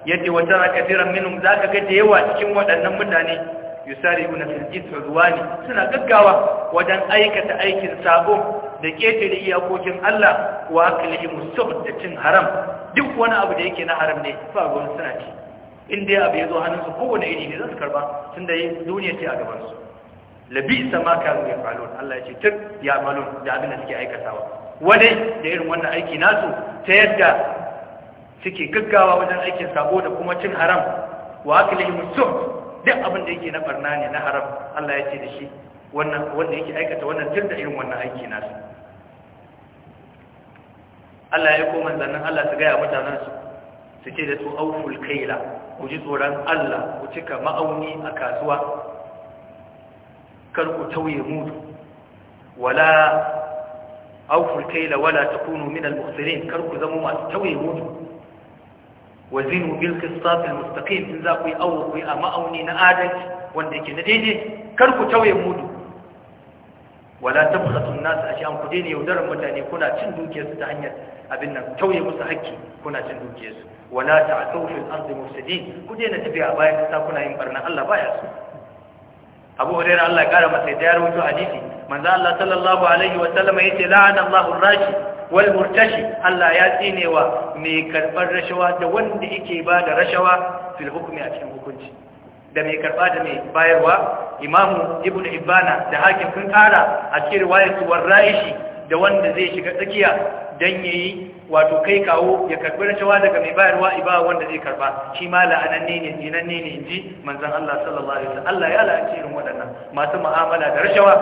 yadda wata ra kafiran minhum zaka ga da yawa cikin waɗannan mutane yusari'una fil ithmi udwani suna gaggawa wajen aikata aikin sabo da ketare iyakokin Allah wa aklihim subt da cin haram duk wani abu da yake na haram ne fa gon suna ci in dai abu ya zo hannunsu kowane iri ne za su karba tun da duniya ce a gaban su. labi sama kanu ya falon Allah ya ce tuk ya malon da abin da suke aikatawa wadai da irin wannan aiki nasu ta yadda suke gaggawa wajen aikin sabo da kuma cin haram wa aklihim subt duk abin da yake na barna ne na haram Allah ya ce da shi wanda yake aikata wannan tun da irin wannan aiki nasu Allah ya koma zannan Allah su gaya mutanen su ce da su auful kaila ku ji tsoron Allah ku cika ma'auni a kasuwa kar ku tauye mutu, wala auful kaila wala takunu min al-mukhsirin kar ku zama masu tauye mutu. wazinu bil qisas al mustaqim in za ku yi awo ku a ma'auni na adalci wanda yake na daidai kar ku tauye mudu wala tabkhatu an-nas ashyan ku daina yaudaran mutane kuna cin dukiyarsu ta hanyar abin nan tauye musu haƙƙi kuna cin dukiyarsu wala ta'tau fil ardi mufsidin ku daina tafiya bayan kasa kuna yin barna Allah baya so Abu Hurairah Allah ya masa da ya rawaito hadisi Allah yace la'ana Allahu wal murtashi Allah ya tsinewa wa mai karbar rashawa da wanda yake ba da rashawa fil hukmi a cikin hukunci da mai karba da mai bayarwa imamu ibnu ibana da hakim sun kara a cikin riwayatu warraishi da wanda zai shiga tsakiya dan yayi wato kai kawo ya karbi rashawa daga mai bayarwa iba wanda zai karba shi ma la'ananne ne jinanne ne inji manzon Allah sallallahu alaihi wasallam Allah ya la'anci irin waɗannan masu mu'amala da rashawa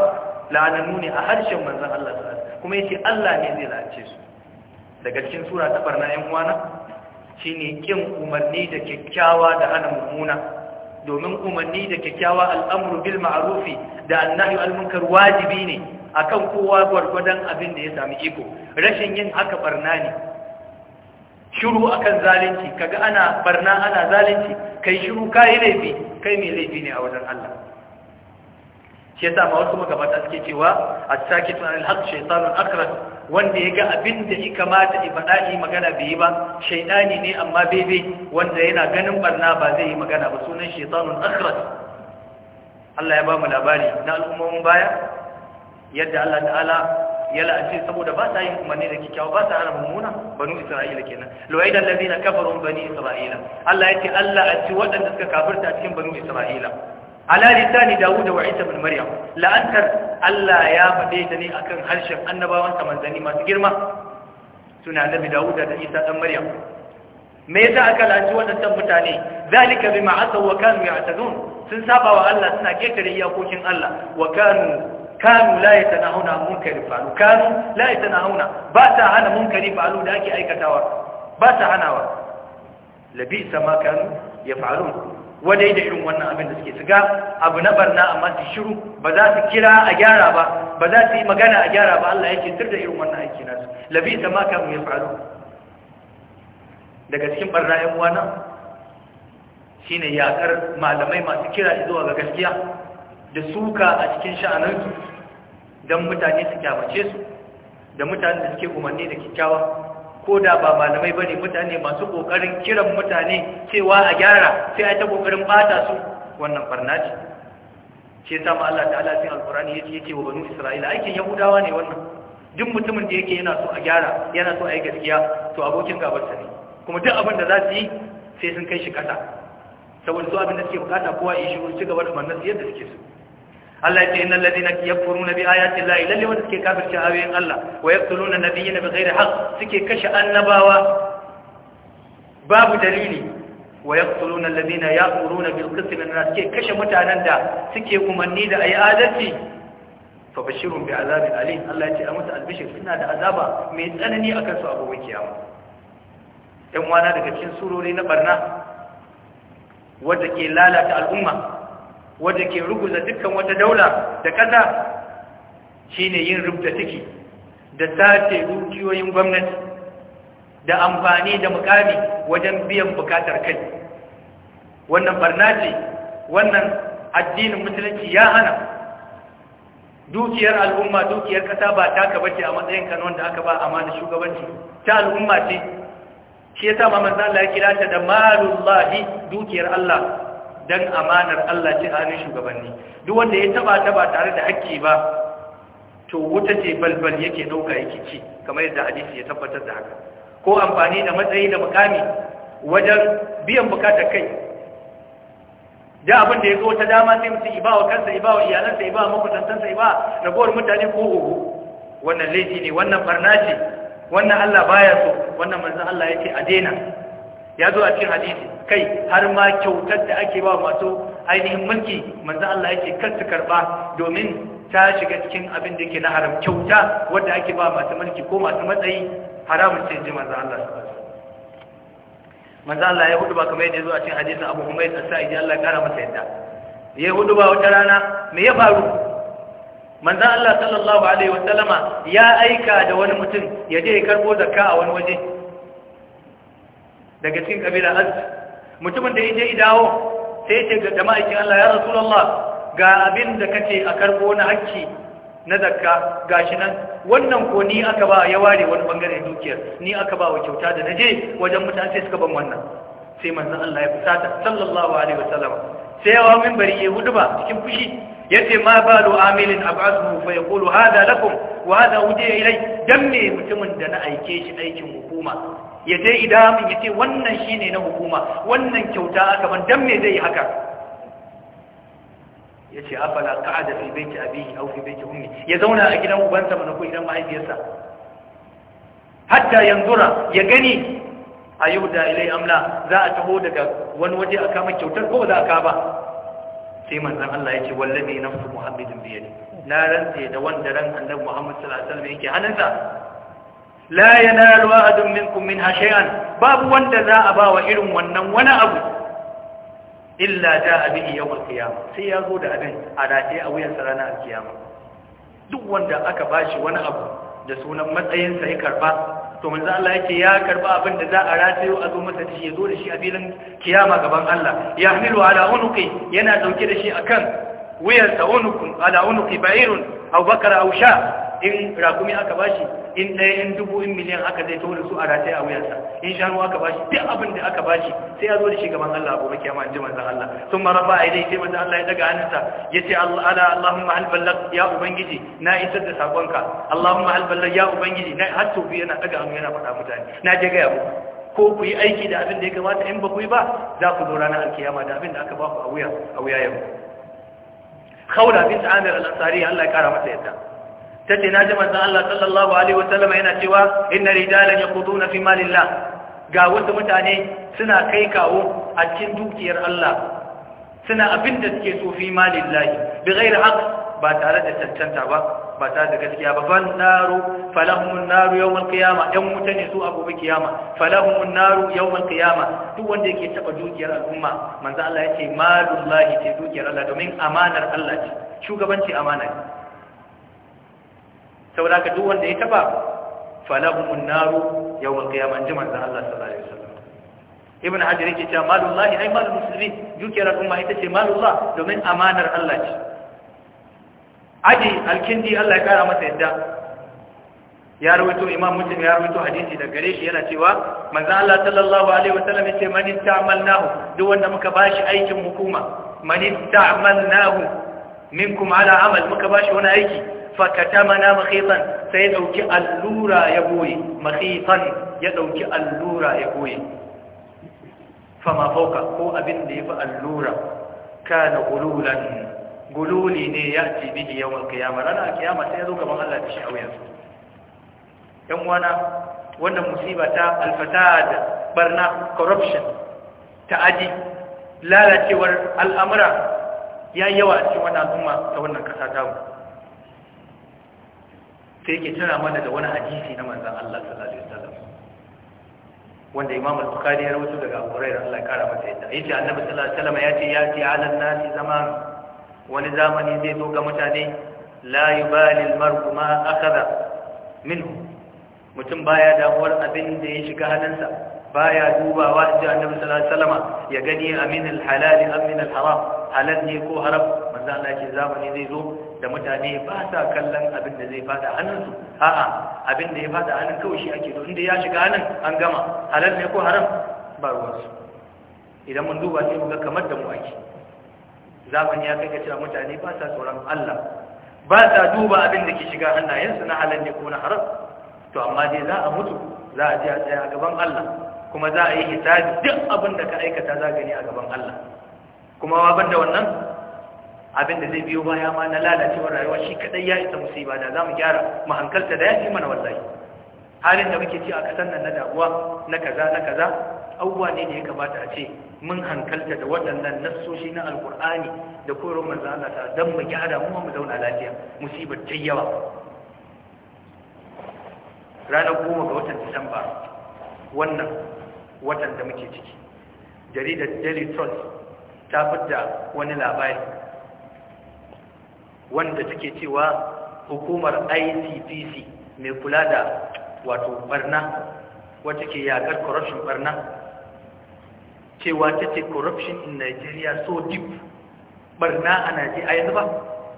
la'anannu ne a harshen manzon Allah sallallahu alaihi kuma yake Allah ne zai lalace su daga cikin sura ta barna yan uwana shine kin umarni da kyakkyawa da hana mummuna domin umarni da kyakkyawa al'amru bil ma'arufi da annahi al munkar wajibi ne akan kowa gwargwadon abin da ya sami iko rashin yin haka barna ne shiru akan zalunci kaga ana barna ana zalunci kai shiru kai laifi kai mai laifi ne a wajen Allah shi yasa ma wasu magabata suke cewa a sakitu anil haqq shaytanun akras wanda yaga abin da ya kamata ya faɗa yi magana bai yi ba shaytani ne amma bebe wanda yana ganin barna ba zai yi magana ba sunan shaytanun akras Allah ya ba mu labari na al'ummomin baya yadda Allah ta'ala ya la'anci saboda ba sa yin umarni da kikkiawa ba sa hana mummuna banu isra'ila kenan luwaidan ladina kafaru bani isra'ila Allah ya ce Allah a ci waɗanda suka kafirta cikin banu isra'ila ala lisani Dawud wa Isa ibn Maryam la'antar Allah ya faɗe ta ne akan harshen annabawan sa manzanni masu girma suna nabi Dawud da Isa dan Maryam me yasa aka lanci waɗannan mutane zalika bima asaw wa kanu ya'tadun sun saba wa Allah suna kekare iyakokin Allah wa kanu kanu la yatanahuna munkari fa'alu kanu la yatanahuna ba ta hana munkari fa'alu da ake aikatawa ba ta hanawa labisa ma kanu yaf'alun wadai da irin wannan abin da suke su abu na barna amma su shiru ba za su kira a gyara ba ba za su yi magana a gyara ba Allah yake tur da irin wannan aiki nasu labi ta ma kamun ya faru daga cikin barna yan uwana shine yakar malamai masu kira zuwa ga gaskiya da suka a cikin sha'anansu don mutane su kyamace su da mutane da suke umarni da kyakkyawa ko da ba malamai bane mutane masu kokarin kiran mutane cewa a gyara sai a ta kokarin bata su wannan barna ce ce ta ma Allah ta'ala sai Alƙurani yace ce wa banu isra'ila aikin yahudawa ne wannan duk mutumin da yake yana so a gyara yana so a yi gaskiya to abokin gabar sa ne kuma duk abin da za su yi sai sun kai shi kasa saboda su abin da suke bukata kowa ya shi ci gaba da mannan yadda suke so Allah ya ce innal ladina yakfuruna bi ayati llahi lalle wanda suke kafirce ayoyin Allah wa yaqtuluna nabiyina bighairi haqq suke kashe annabawa babu dalili wa yaqtuluna alladhina ya'muruna bil qist min nas ke kashe mutanen da suke umarni da ayi adalci fa bashirun bi azabin alim Allah ya ce a musu albishir suna da azaba mai tsanani akan su abubuwan kiyama ɗan wana daga cikin surori na barna wadda ke lalata al'umma wadda ke ruguza dukkan wata daula da ƙasa shine yin rubuta ciki da sace dukiyoyin gwamnati da amfani da mukami wajen biyan bukatar kai wannan barna ce wannan addinin musulunci ya hana dukiyar al'umma dukiyar kasa ba taka bace a matsayin kan wanda aka ba amana shugabanci ta al'umma ce shi yasa ma manzo Allah ya kira ta da malullahi dukiyar Allah dan amanar Allah ce hannun shugabanni duk wanda ya taba ta ba tare da haƙƙi ba to wuta ce balbal yake dauka yake ci kamar yadda hadisi ya tabbatar da haka ko amfani da matsayi da mukami wajen biyan bukatar kai da abin da ya zo ta dama sai mutum iba wa kansa iba wa iyalansa iba wa makusantansa iba ragowar mutane ko uku wannan laifi ne wannan barna ce wannan Allah baya so wannan manzon Allah yake a daina ya zo a cikin hadisi kai har ma kyautar da ake ba masu ainihin mulki manzo Allah yake kar su karba domin ta shiga cikin abin da yake na haram kyauta wanda ake ba masu mulki ko masu matsayi haramun ce ji manzo Allah manzo Allah ya hudu ba kamar yadda ya zo a cikin hadisin Abu Humayd as-Sa'idi Allah ya kara masa yadda ya hudu ba wata rana me ya faru manzo Allah sallallahu alaihi wasallama ya aika da wani mutum ya je ya karbo zakka a wani waje daga cikin kabila az mutumin da yaje idawo sai ya ce ga jama'aikin Allah ya rasulullah ga abin da kace a karbo na hakki na zakka gashi nan wannan ko ni aka ba ya ware wani bangare dukiyar ni aka ba wa kyauta da naje wajen mutane sai suka ban wannan sai manzon Allah ya fusata sallallahu alaihi wasallam sai ya wamin bari ya hudu ba cikin fushi yace ma balu amilin ab'athu fa yaqulu hada lakum wa hada udiya ilai dan me mutumin da na aike shi aikin hukuma ya je idamin ya ce wannan shi ne na hukuma wannan kyauta aka ban dan me zai yi haka ya ce afala ka'ada fi baiti abihi aw fi baiti ummi ya zauna a gidan ubansa mana ko gidan mahaifiyarsa hatta yanzura ya gani a yau da ilai amna, za a taho daga wani waje a kama kyautar ko za a kaba? sai manzon Allah ya ce wallahi nafsu muhammadin biyadi na rantse da wanda ran annabi muhammad sallallahu alaihi wasallam yake hannunsa la yanalu ahadun minkum minha shay'an babu wanda za a ba wa irin wannan wani abu illa jaa bihi yawm al-qiyamah sai ya zo da abin a dace a wuyan sa ranar kiyama. duk wanda aka bashi wani abu da sunan matsayin sa ya karba to manzo Allah yake ya karba abin da za a ratayo a zo masa da shi ya zo da shi a filin kiyama gaban Allah ya hamilu ala unuqi yana dauke da shi akan wuyan sa unuqun ala unuqi ba'irun aw bakara aw sha in rakumi aka bashi in ɗaya in dubu in miliyan aka zai tawo su a rataye a wuyansa in shanu aka bashi duk abin da aka bashi sai ya zo da shi gaban Allah gobe kiyama in ji manzon Allah sun mara ba aidai sai manzon Allah ya daga hannunsa ya ce ala Allahumma hal ya ubangiji na isar da sakonka Allahumma hal ballag ya ubangiji na har tobi yana daga hannu yana faɗa mutane na je gaya yabo ko ku yi aiki da abin da ya kamata in ba ku yi ba za ku zo ranar alkiyama da abin da aka ba ku a wuya a wuya yau khawla bint amir al-ansari Allah ya kara masa yadda tace na ji manzon Allah sallallahu alaihi wa wasallam yana cewa inna rijalan yaquduna fi malillah ga wasu mutane suna kai kawo a cikin dukiyar Allah suna abin da suke so fi malillahi bi ghairi haqq ba tare da cancanta ba ba tare da gaskiya ba fan naru falahumun naru yawmal qiyama dan wuta ne su a gobe kiyama falahumun naru yawmal qiyama duk wanda yake taba dukiyar al'umma manzo Allah yace malullahi ce dukiyar Allah domin amanar Allah ce shugabanci amana saboda haka duk wanda ya taba falahumun naru yawmal qiyamah an jama'a Allah sallallahu alaihi wasallam ibn hajar yake cewa malullahi ai malul muslimin dukiyar al'umma ita ce malullah domin amanar Allah ce aji alkindi Allah ya kara masa yadda ya rawaito imam muslim ya rawaito hadisi da gare shi yana cewa manzo Allah sallallahu alaihi wasallam yace man ista'malnahu duk wanda muka bashi aikin hukuma man ista'malnahu minkum ala amal muka bashi wani aiki mana makhifan sai ya dauki allura ya goye makhifan ya dauki allura ya goye fama fauka ko abin da yafi allura kana gululan gululi ne ya ci bihi yawan kiyama ranar kiyama sai ya zo gaban Allah da shi a wuyansu yan wana wannan musiba ta da barna corruption ta'adi lalacewar al'amura ya yawa a cikin wannan al'umma ta wannan kasa tamu sai ke tana mana da wani hadisi na manzan Allah sallallahu alaihi wasallam wanda Imam Bukhari ya rawaito daga Abu Hurairah Allah ya kara masa yadda yace Annabi sallallahu alaihi wasallam yace yati ala nasi zama wani zamani zai zo ga mutane la yubali al-mar'u ma akhadha minhu mutum baya damuwar abin da ya shiga hannunsa baya dubawa inda Annabi sallallahu alaihi wasallam ya gani amin al-halal am min al-haram halal ne ko haram manzo Allah ce zamani zai zo da mutane ba sa kallon abin da zai fada hannunsu a'a abin da ya fada hannun kawai shi ake to inda ya shiga hannun an gama halal ne ko haram ba ruwansu idan mun duba sai muga kamar da mu ake zamani ya kai cewa mutane ba sa tsoron Allah ba sa duba abin da ke shiga hannayensu na halal ne ko na haram to amma dai za a mutu za a je a tsaya a gaban Allah kuma za a yi hisabi duk abin da ka aikata za gani a gaban Allah kuma wa banda wannan abin da zai biyo baya ma na lalacewar rayuwa shi kadai ya isa musiba da zamu gyara mu hankalta da yafi mana wallahi halin da muke ci a kasan nan na damuwa na kaza na kaza abubuwa ne da ya kamata a ce mun hankalta da waɗannan nassoshi na alkur'ani da koron manzo Allah ta dan mu gyara mu mu zauna lafiya musibar ta yawa ranar goma ga watan Disamba wannan watan da muke ciki jaridar Daily Trust ta fitta wani labari wanda suke cewa hukumar ICPC mai kula da wato barna wacce ke yakar corruption barna cewa ta ce corruption in Nigeria so deep barna a Najeriya a yanzu ba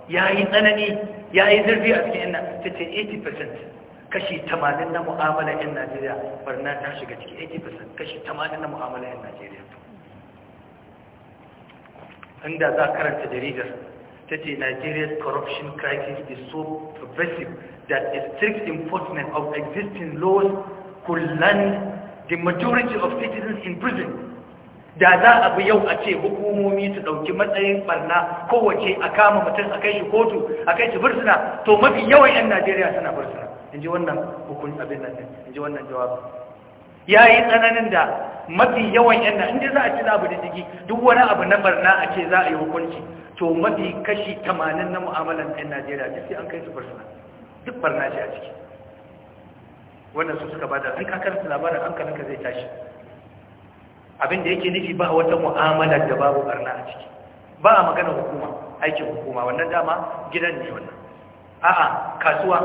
ya yi tsanani ya yi zurfi a cikin yana ta ce 80% kashi 80 na mu'amala 'yan Najeriya barna ta shiga ciki 80% kashi 80 na mu'amala 'yan Najeriya inda za karanta jaridar ta ce Nigeria's corruption crisis is so pervasive that a strict enforcement of existing laws could land the majority of citizens in prison da za a bi yau a ce hukumomi su ɗauki matsayin barna kowace a kama mutum a kai shi kotu a kai shi bursuna to mafi yawan 'yan najeriya suna bursuna in ji wannan hukun abin nan in ji wannan jawabi ya yi tsananin da mafi yawan 'yan na inda za a ci labarin jiki duk wani abu na barna a ce za a yi hukunci to mafi kashi 80 na mu'amalan ɗin Najeriya duk sai an kai su barna duk barna ce a ciki wannan su suka bada in kakar su labarin an ka zai tashi abin da yake nufi ba wata mu'amala da babu barna a ciki ba a magana hukuma aikin hukuma wannan dama gidan ne wannan a'a kasuwa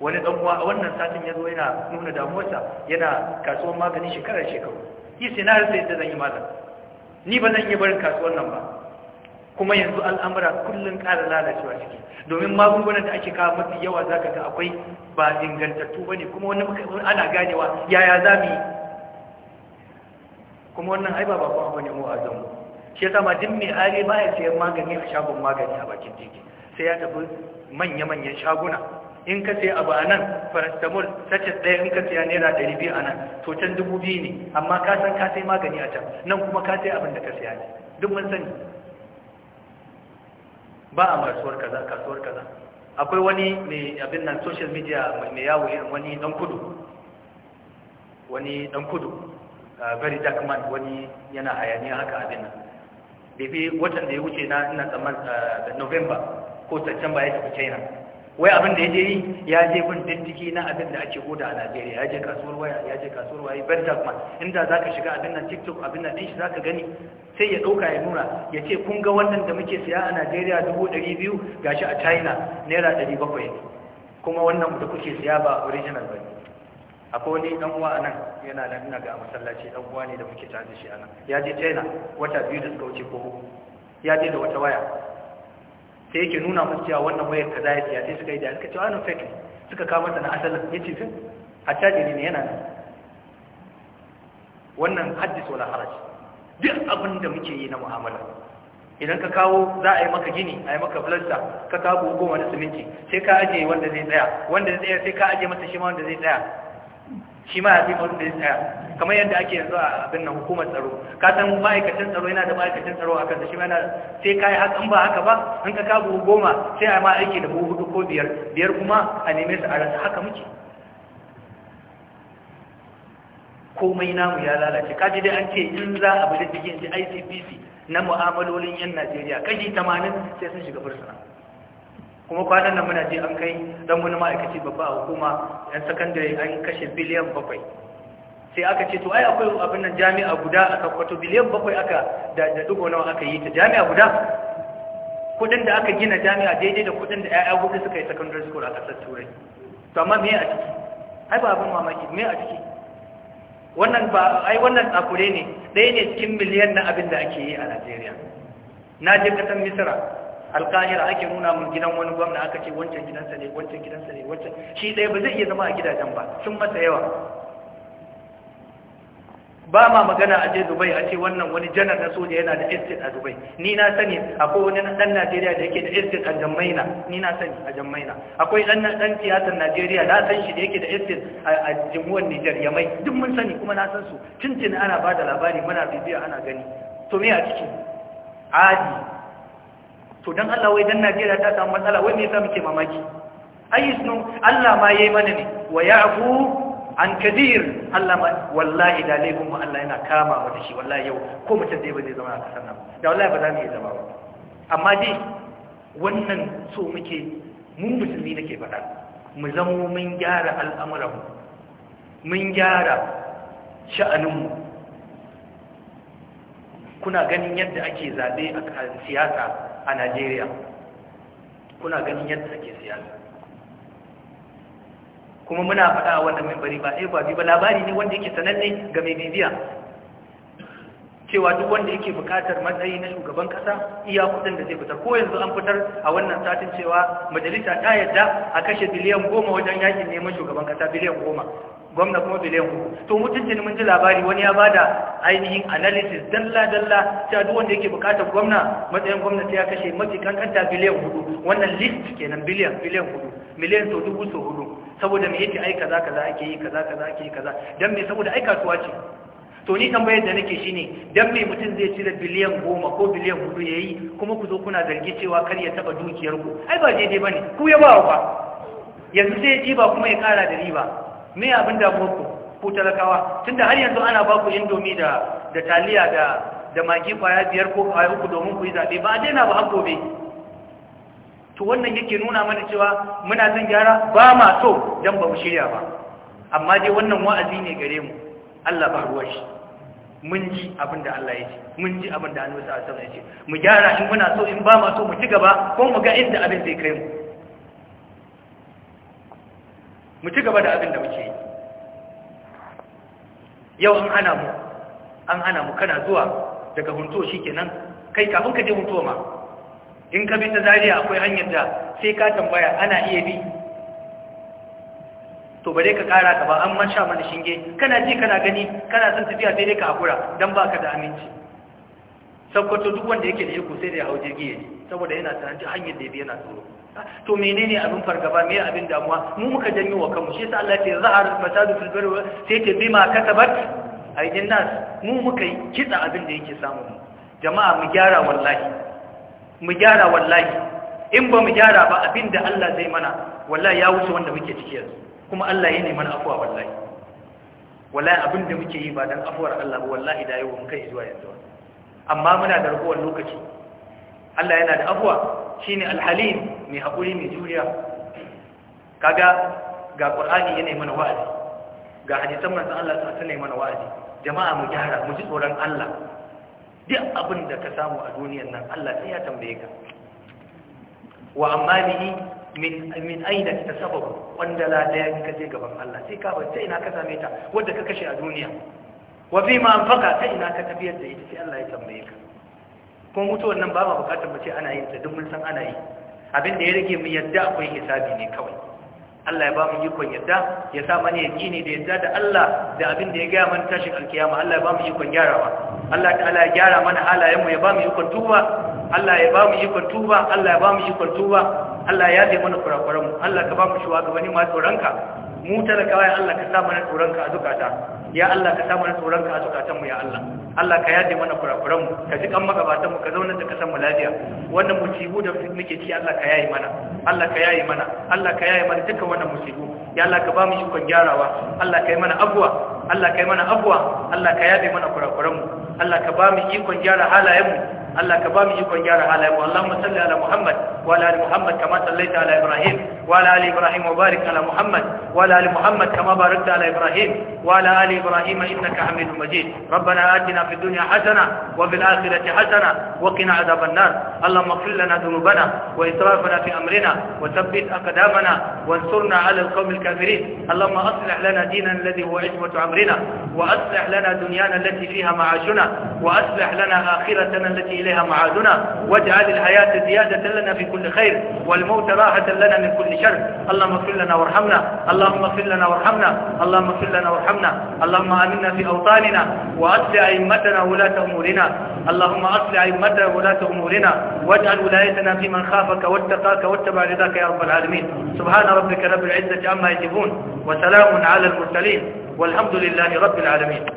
wani dan uwa a wannan satin yazo yana nuna damuwarsa yana kasuwar magani shekarar shekaru yi sai na rasa yadda zan yi malam ni ba zan iya barin kasuwar nan ba kuma yanzu al'amura kullum ƙara lalacewa ciki domin magungunan da ake kawo mafi yawa za ka ga akwai ba ingantattu ba ne kuma wani ana ganewa yaya za mu yi kuma wannan ai ba bakon abu ne mu a mu shi yasa ma duk mai hali ba ya sayan magani a shagon magani a bakin titi sai ya tafi manya-manyan shaguna in ka saya abu a nan paracetamol sachet ɗaya in ka saya naira ɗari biyu a nan to can dubu biyu ne amma ka san ka sai magani a can nan kuma ka sai abin da ka saya ne duk mun sani ba a marasuwar kaza kasuwar kaza akwai wani mai abin nan social media mai yawo irin wani dan kudu wani dan kudu very dark man wani yana hayaniya haka abin nan bebe watan da ya wuce na ina tsamman da november ko september ya tafi china wai abin da ya je yi ya je bin diddiki na abin da ake hoda a Najeriya ya je kasuwar waya ya je kasuwar waya Benjamin ma inda ka shiga abin nan TikTok abin nan din shi za ka gani sai ya dauka ya nuna ya ce kun ga wannan da muke siya a Najeriya 200 gashi a China naira 700 kuma wannan da kuke siya ba original ba akwai wani dan uwa nan yana nan ina ga masallaci dan uwa ne da muke tare da shi anan ya je China wata biyu da suka wuce ko ya je da wata waya sai yake nuna masu cewa wannan wayar ta zai siya sai suka yi da suka ce wannan fake suka kawo masa na asalin ce fin A cajin ne yana wannan haddis wala haraji. duk abin da muke yi na mu'amala idan ka kawo za a yi maka gini a yi maka flasta, ka kawo goma na siminti sai ka aje wanda zai tsaya wanda zai tsaya sai ka aje masa shi ma wanda zai tsaya shi ma ya fi mutum da ya tsaya kamar yadda ake yanzu a abin nan hukumar tsaro ka san ma'aikacin tsaro yana da ma'aikacin tsaro a kansa shi ma yana sai kai haka in ba haka ba in ka kabu goma sai a ma da buhu hudu ko biyar biyar kuma a neme su a rasa haka muke komai namu ya lalace ji dai an ce in za a bi da cikin ICPC na mu'amalolin yan Najeriya kashi 80 sai sun shiga fursuna kuma kwanan nan muna je an kai don wani ma'aikaci babba a hukuma yan sakandare an kashe biliyan bakwai sai aka ce to ai akwai abin nan jami'a guda aka kwato biliyan bakwai aka da dugo nawa aka yi ta jami'a guda kudin da aka gina jami'a daidai da kudin da 'ya'ya gobe suka yi secondary school a kasar turai to amma me a ciki ai ba abin mamaki me a ciki wannan ba ai wannan akure ne ɗaya ne cikin miliyan na abin da ake yi a Najeriya na je kasar Misira alkahira ake nuna mun gidan wani gwamna aka ce wancan gidansa ne wancan gidansa ne wancan shi ɗaya ba zai iya zama a gidajen ba sun masa yawa ba ma magana a je dubai a ce wannan wani janar na soja yana da estate a dubai ni na sani akwai wani ɗan najeriya da yake da estate a jammaina ni na sani a jammaina akwai ɗan ɗan siyasar najeriya na san shi da yake da estate a nijar niger mai. duk mun sani kuma na san su tuntun ana ba da labari muna bibiya ana gani to me a ciki adi to dan Allah wai dan Najeriya ta samu matsala wai me yasa muke mamaki ai Allah ma yayi mana ne wa ya'fu an kadir Allah ma wallahi da laifin mu Allah yana kama mu da shi wallahi yau ko mutum zai ba zama a kasar nan da wallahi ba za mu yi zama ba amma dai wannan so muke mun musulmi nake faɗa mu zamo mun gyara al'amuranmu mun gyara sha'aninmu kuna ganin yadda ake zaɓe a siyasa a najeriya kuna ganin yadda ake siyasa kuma muna faɗa wannan membari ba sai ba ba labari ne wanda yake sananne ga mai bibiya cewa duk wanda yake bukatar matsayi na shugaban kasa iya kudin da zai fitar ko yanzu an fitar a wannan satin cewa majalisa ta yadda a kashe biliyan goma wajen yakin neman shugaban ƙasa biliyan goma gwamna kuma biliyan uku to mutuncin mun ji labari wani ya bada ainihin analysis dalla dalla ta duk wanda yake bukatar gwamna matsayin gwamnati ya kashe mafi kankanta biliyan hudu wannan list kenan biliyan biliyan hudu miliyan so dubu so hudu saboda me yake ai kaza kaza ake yi kaza kaza ake yi kaza dan me saboda ai kasuwa ce to ni tambayar da nake shine dan me mutum zai cire biliyan goma ko biliyan hudu yayi kuma ku zo kuna zargi cewa kar ya taba dukiyar ku ai ba daidai bane ku ya ba ba yanzu sai ya ba kuma ya kara da riba me abin da ku ku talakawa tunda har yanzu ana ba ku indomi da da taliya da da magi kwaya biyar ko kwaya uku domin ku yi zaɓe ba a daina ba har gobe to wannan yake nuna mana cewa muna son gyara ba ma so dan ba mu shirya ba amma dai wannan wa'azi ne gare mu Allah ba ruwa shi mun ji abin da Allah ya ce mun ji abin da Annabi sallallahu alaihi wasallam ya ce mu gyara in muna so in ba ma so mu ci gaba ko mu ga inda abin zai kai mu mu ci gaba da abin da muke yi yau an hana mu an hana mu kana zuwa daga hunto shikenan kai kafin ka je hunto ma in ka bi ta zariya akwai hanyar da sai ka tambaya ana iya bi to bare ka kara ka ba an man sha mana shinge kana ji kana gani kana son tafiya sai dai ka hakura dan baka da aminci sakkwato duk wanda yake da iko sai da ya hau jirgi ya ne saboda yana tsaron duk hanyar da ya bi yana tsoro to menene abin fargaba me abin damuwa mu muka janyo wa kanmu shi yasa Allah ya ce zahar fasadu fil barri sai ce bima kasabat aidin nas mu muka yi kitsa abin da yake samu jama'a mu gyara wallahi mu gyara wallahi in ba mu gyara ba abin da Allah zai mana wallahi ya wuce wanda muke ciki yanzu kuma Allah ya neman afuwa wallahi wallahi abin da muke yi ba dan afuwar Allah ba wallahi da yawa mun kai zuwa yanzu amma muna da ragowar lokaci Allah yana da afuwa shine alhalim mai hakuri mai juriya kaga ga qur'ani yana mana wa'azi ga hadisan manzon Allah sallallahu alaihi mana wa'azi jama'a mu gyara mu ji tsoron Allah duk abin da ka samu a duniyar nan Allah sai ya tambaye ka wa amma bihi min min aina tasabbu wanda la daya ka kaje gaban Allah sai ka bar sai ina ka same ta wanda ka kashe a duniya wa fi ma anfaqa sai ina ka tafiyar da ita sai Allah ya tambaye ka kuma mutuwar nan ba ma bukatar mu ana yin ta duk mun san ana yi abin da ya rage mu yadda akwai hisabi ne kawai Allah ya ba mu ikon yadda ya sa mana yaqini da yadda da Allah da abin da ya ga mana tashin alkiyama Allah ya ba mu ikon gyarawa Allah ta'ala ya gyara mana halayen mu ya ba mu ikon tuba Allah ya ba mu ikon tuba Allah ya ba mu ikon tuba Allah ya yi mana kurakuran mu Allah ka ba mu shuwa wani ma tsoranka mu talakawa ya Allah ka samu na tsoronka a zukata ya Allah ka samu na tsoronka a zukatan mu ya Allah Allah ka yaje mana kurakuran mu ka ji kan magabatan mu ka zauna da kasan mu lafiya wannan musibu da muke ci Allah ka yayi mana Allah ka yayi mana Allah ka yayi mana dukkan wannan musibu ya Allah ka ba mu shukan gyarawa Allah ka yi mana abuwa Allah ka yi mana abuwa Allah ka yaje mana kurakuran mu Allah ka ba mu ikon gyara halayen mu Allah ka ba mu ikon gyara halayen mu Allahumma salli ala Muhammad wa ala ali Muhammad kama sallaita ala Ibrahim wa ala ali Ibrahim wa barik ala Muhammad wa ala ali Muhammad kama barakta ala Ibrahim wa ala ali Ibrahim innaka Hamidum Majid ربنا آتنا في الدنيا حسنة وفي الآخرة حسنة وقنا عذاب النار اللهم اغفر لنا ذنوبنا وإسرافنا في أمرنا وثبت أقدامنا وانصرنا على القوم الكافرين اللهم أصلح لنا ديننا الذي هو عصمة أمرنا وأصلح لنا دنيانا التي فيها معاشنا وأصلح لنا آخرتنا التي إليها معادنا واجعل الحياة زيادة لنا في كل خير والموت راحة لنا من كل شر اللهم اغفر لنا وارحمنا اللهم اغفر لنا وارحمنا اللهم اغفر لنا وارحمنا اللهم آمنا في أوطاننا وأصلح أئمتنا ولاة أمورنا اللهم أصلح أئمتنا ولاة أمورنا واجعل ولايتنا في من خافك واتقاك واتبع رضاك يا رب العالمين سبحان ربك رب العزة عما يصفون وسلام على المرسلين والحمد لله رب العالمين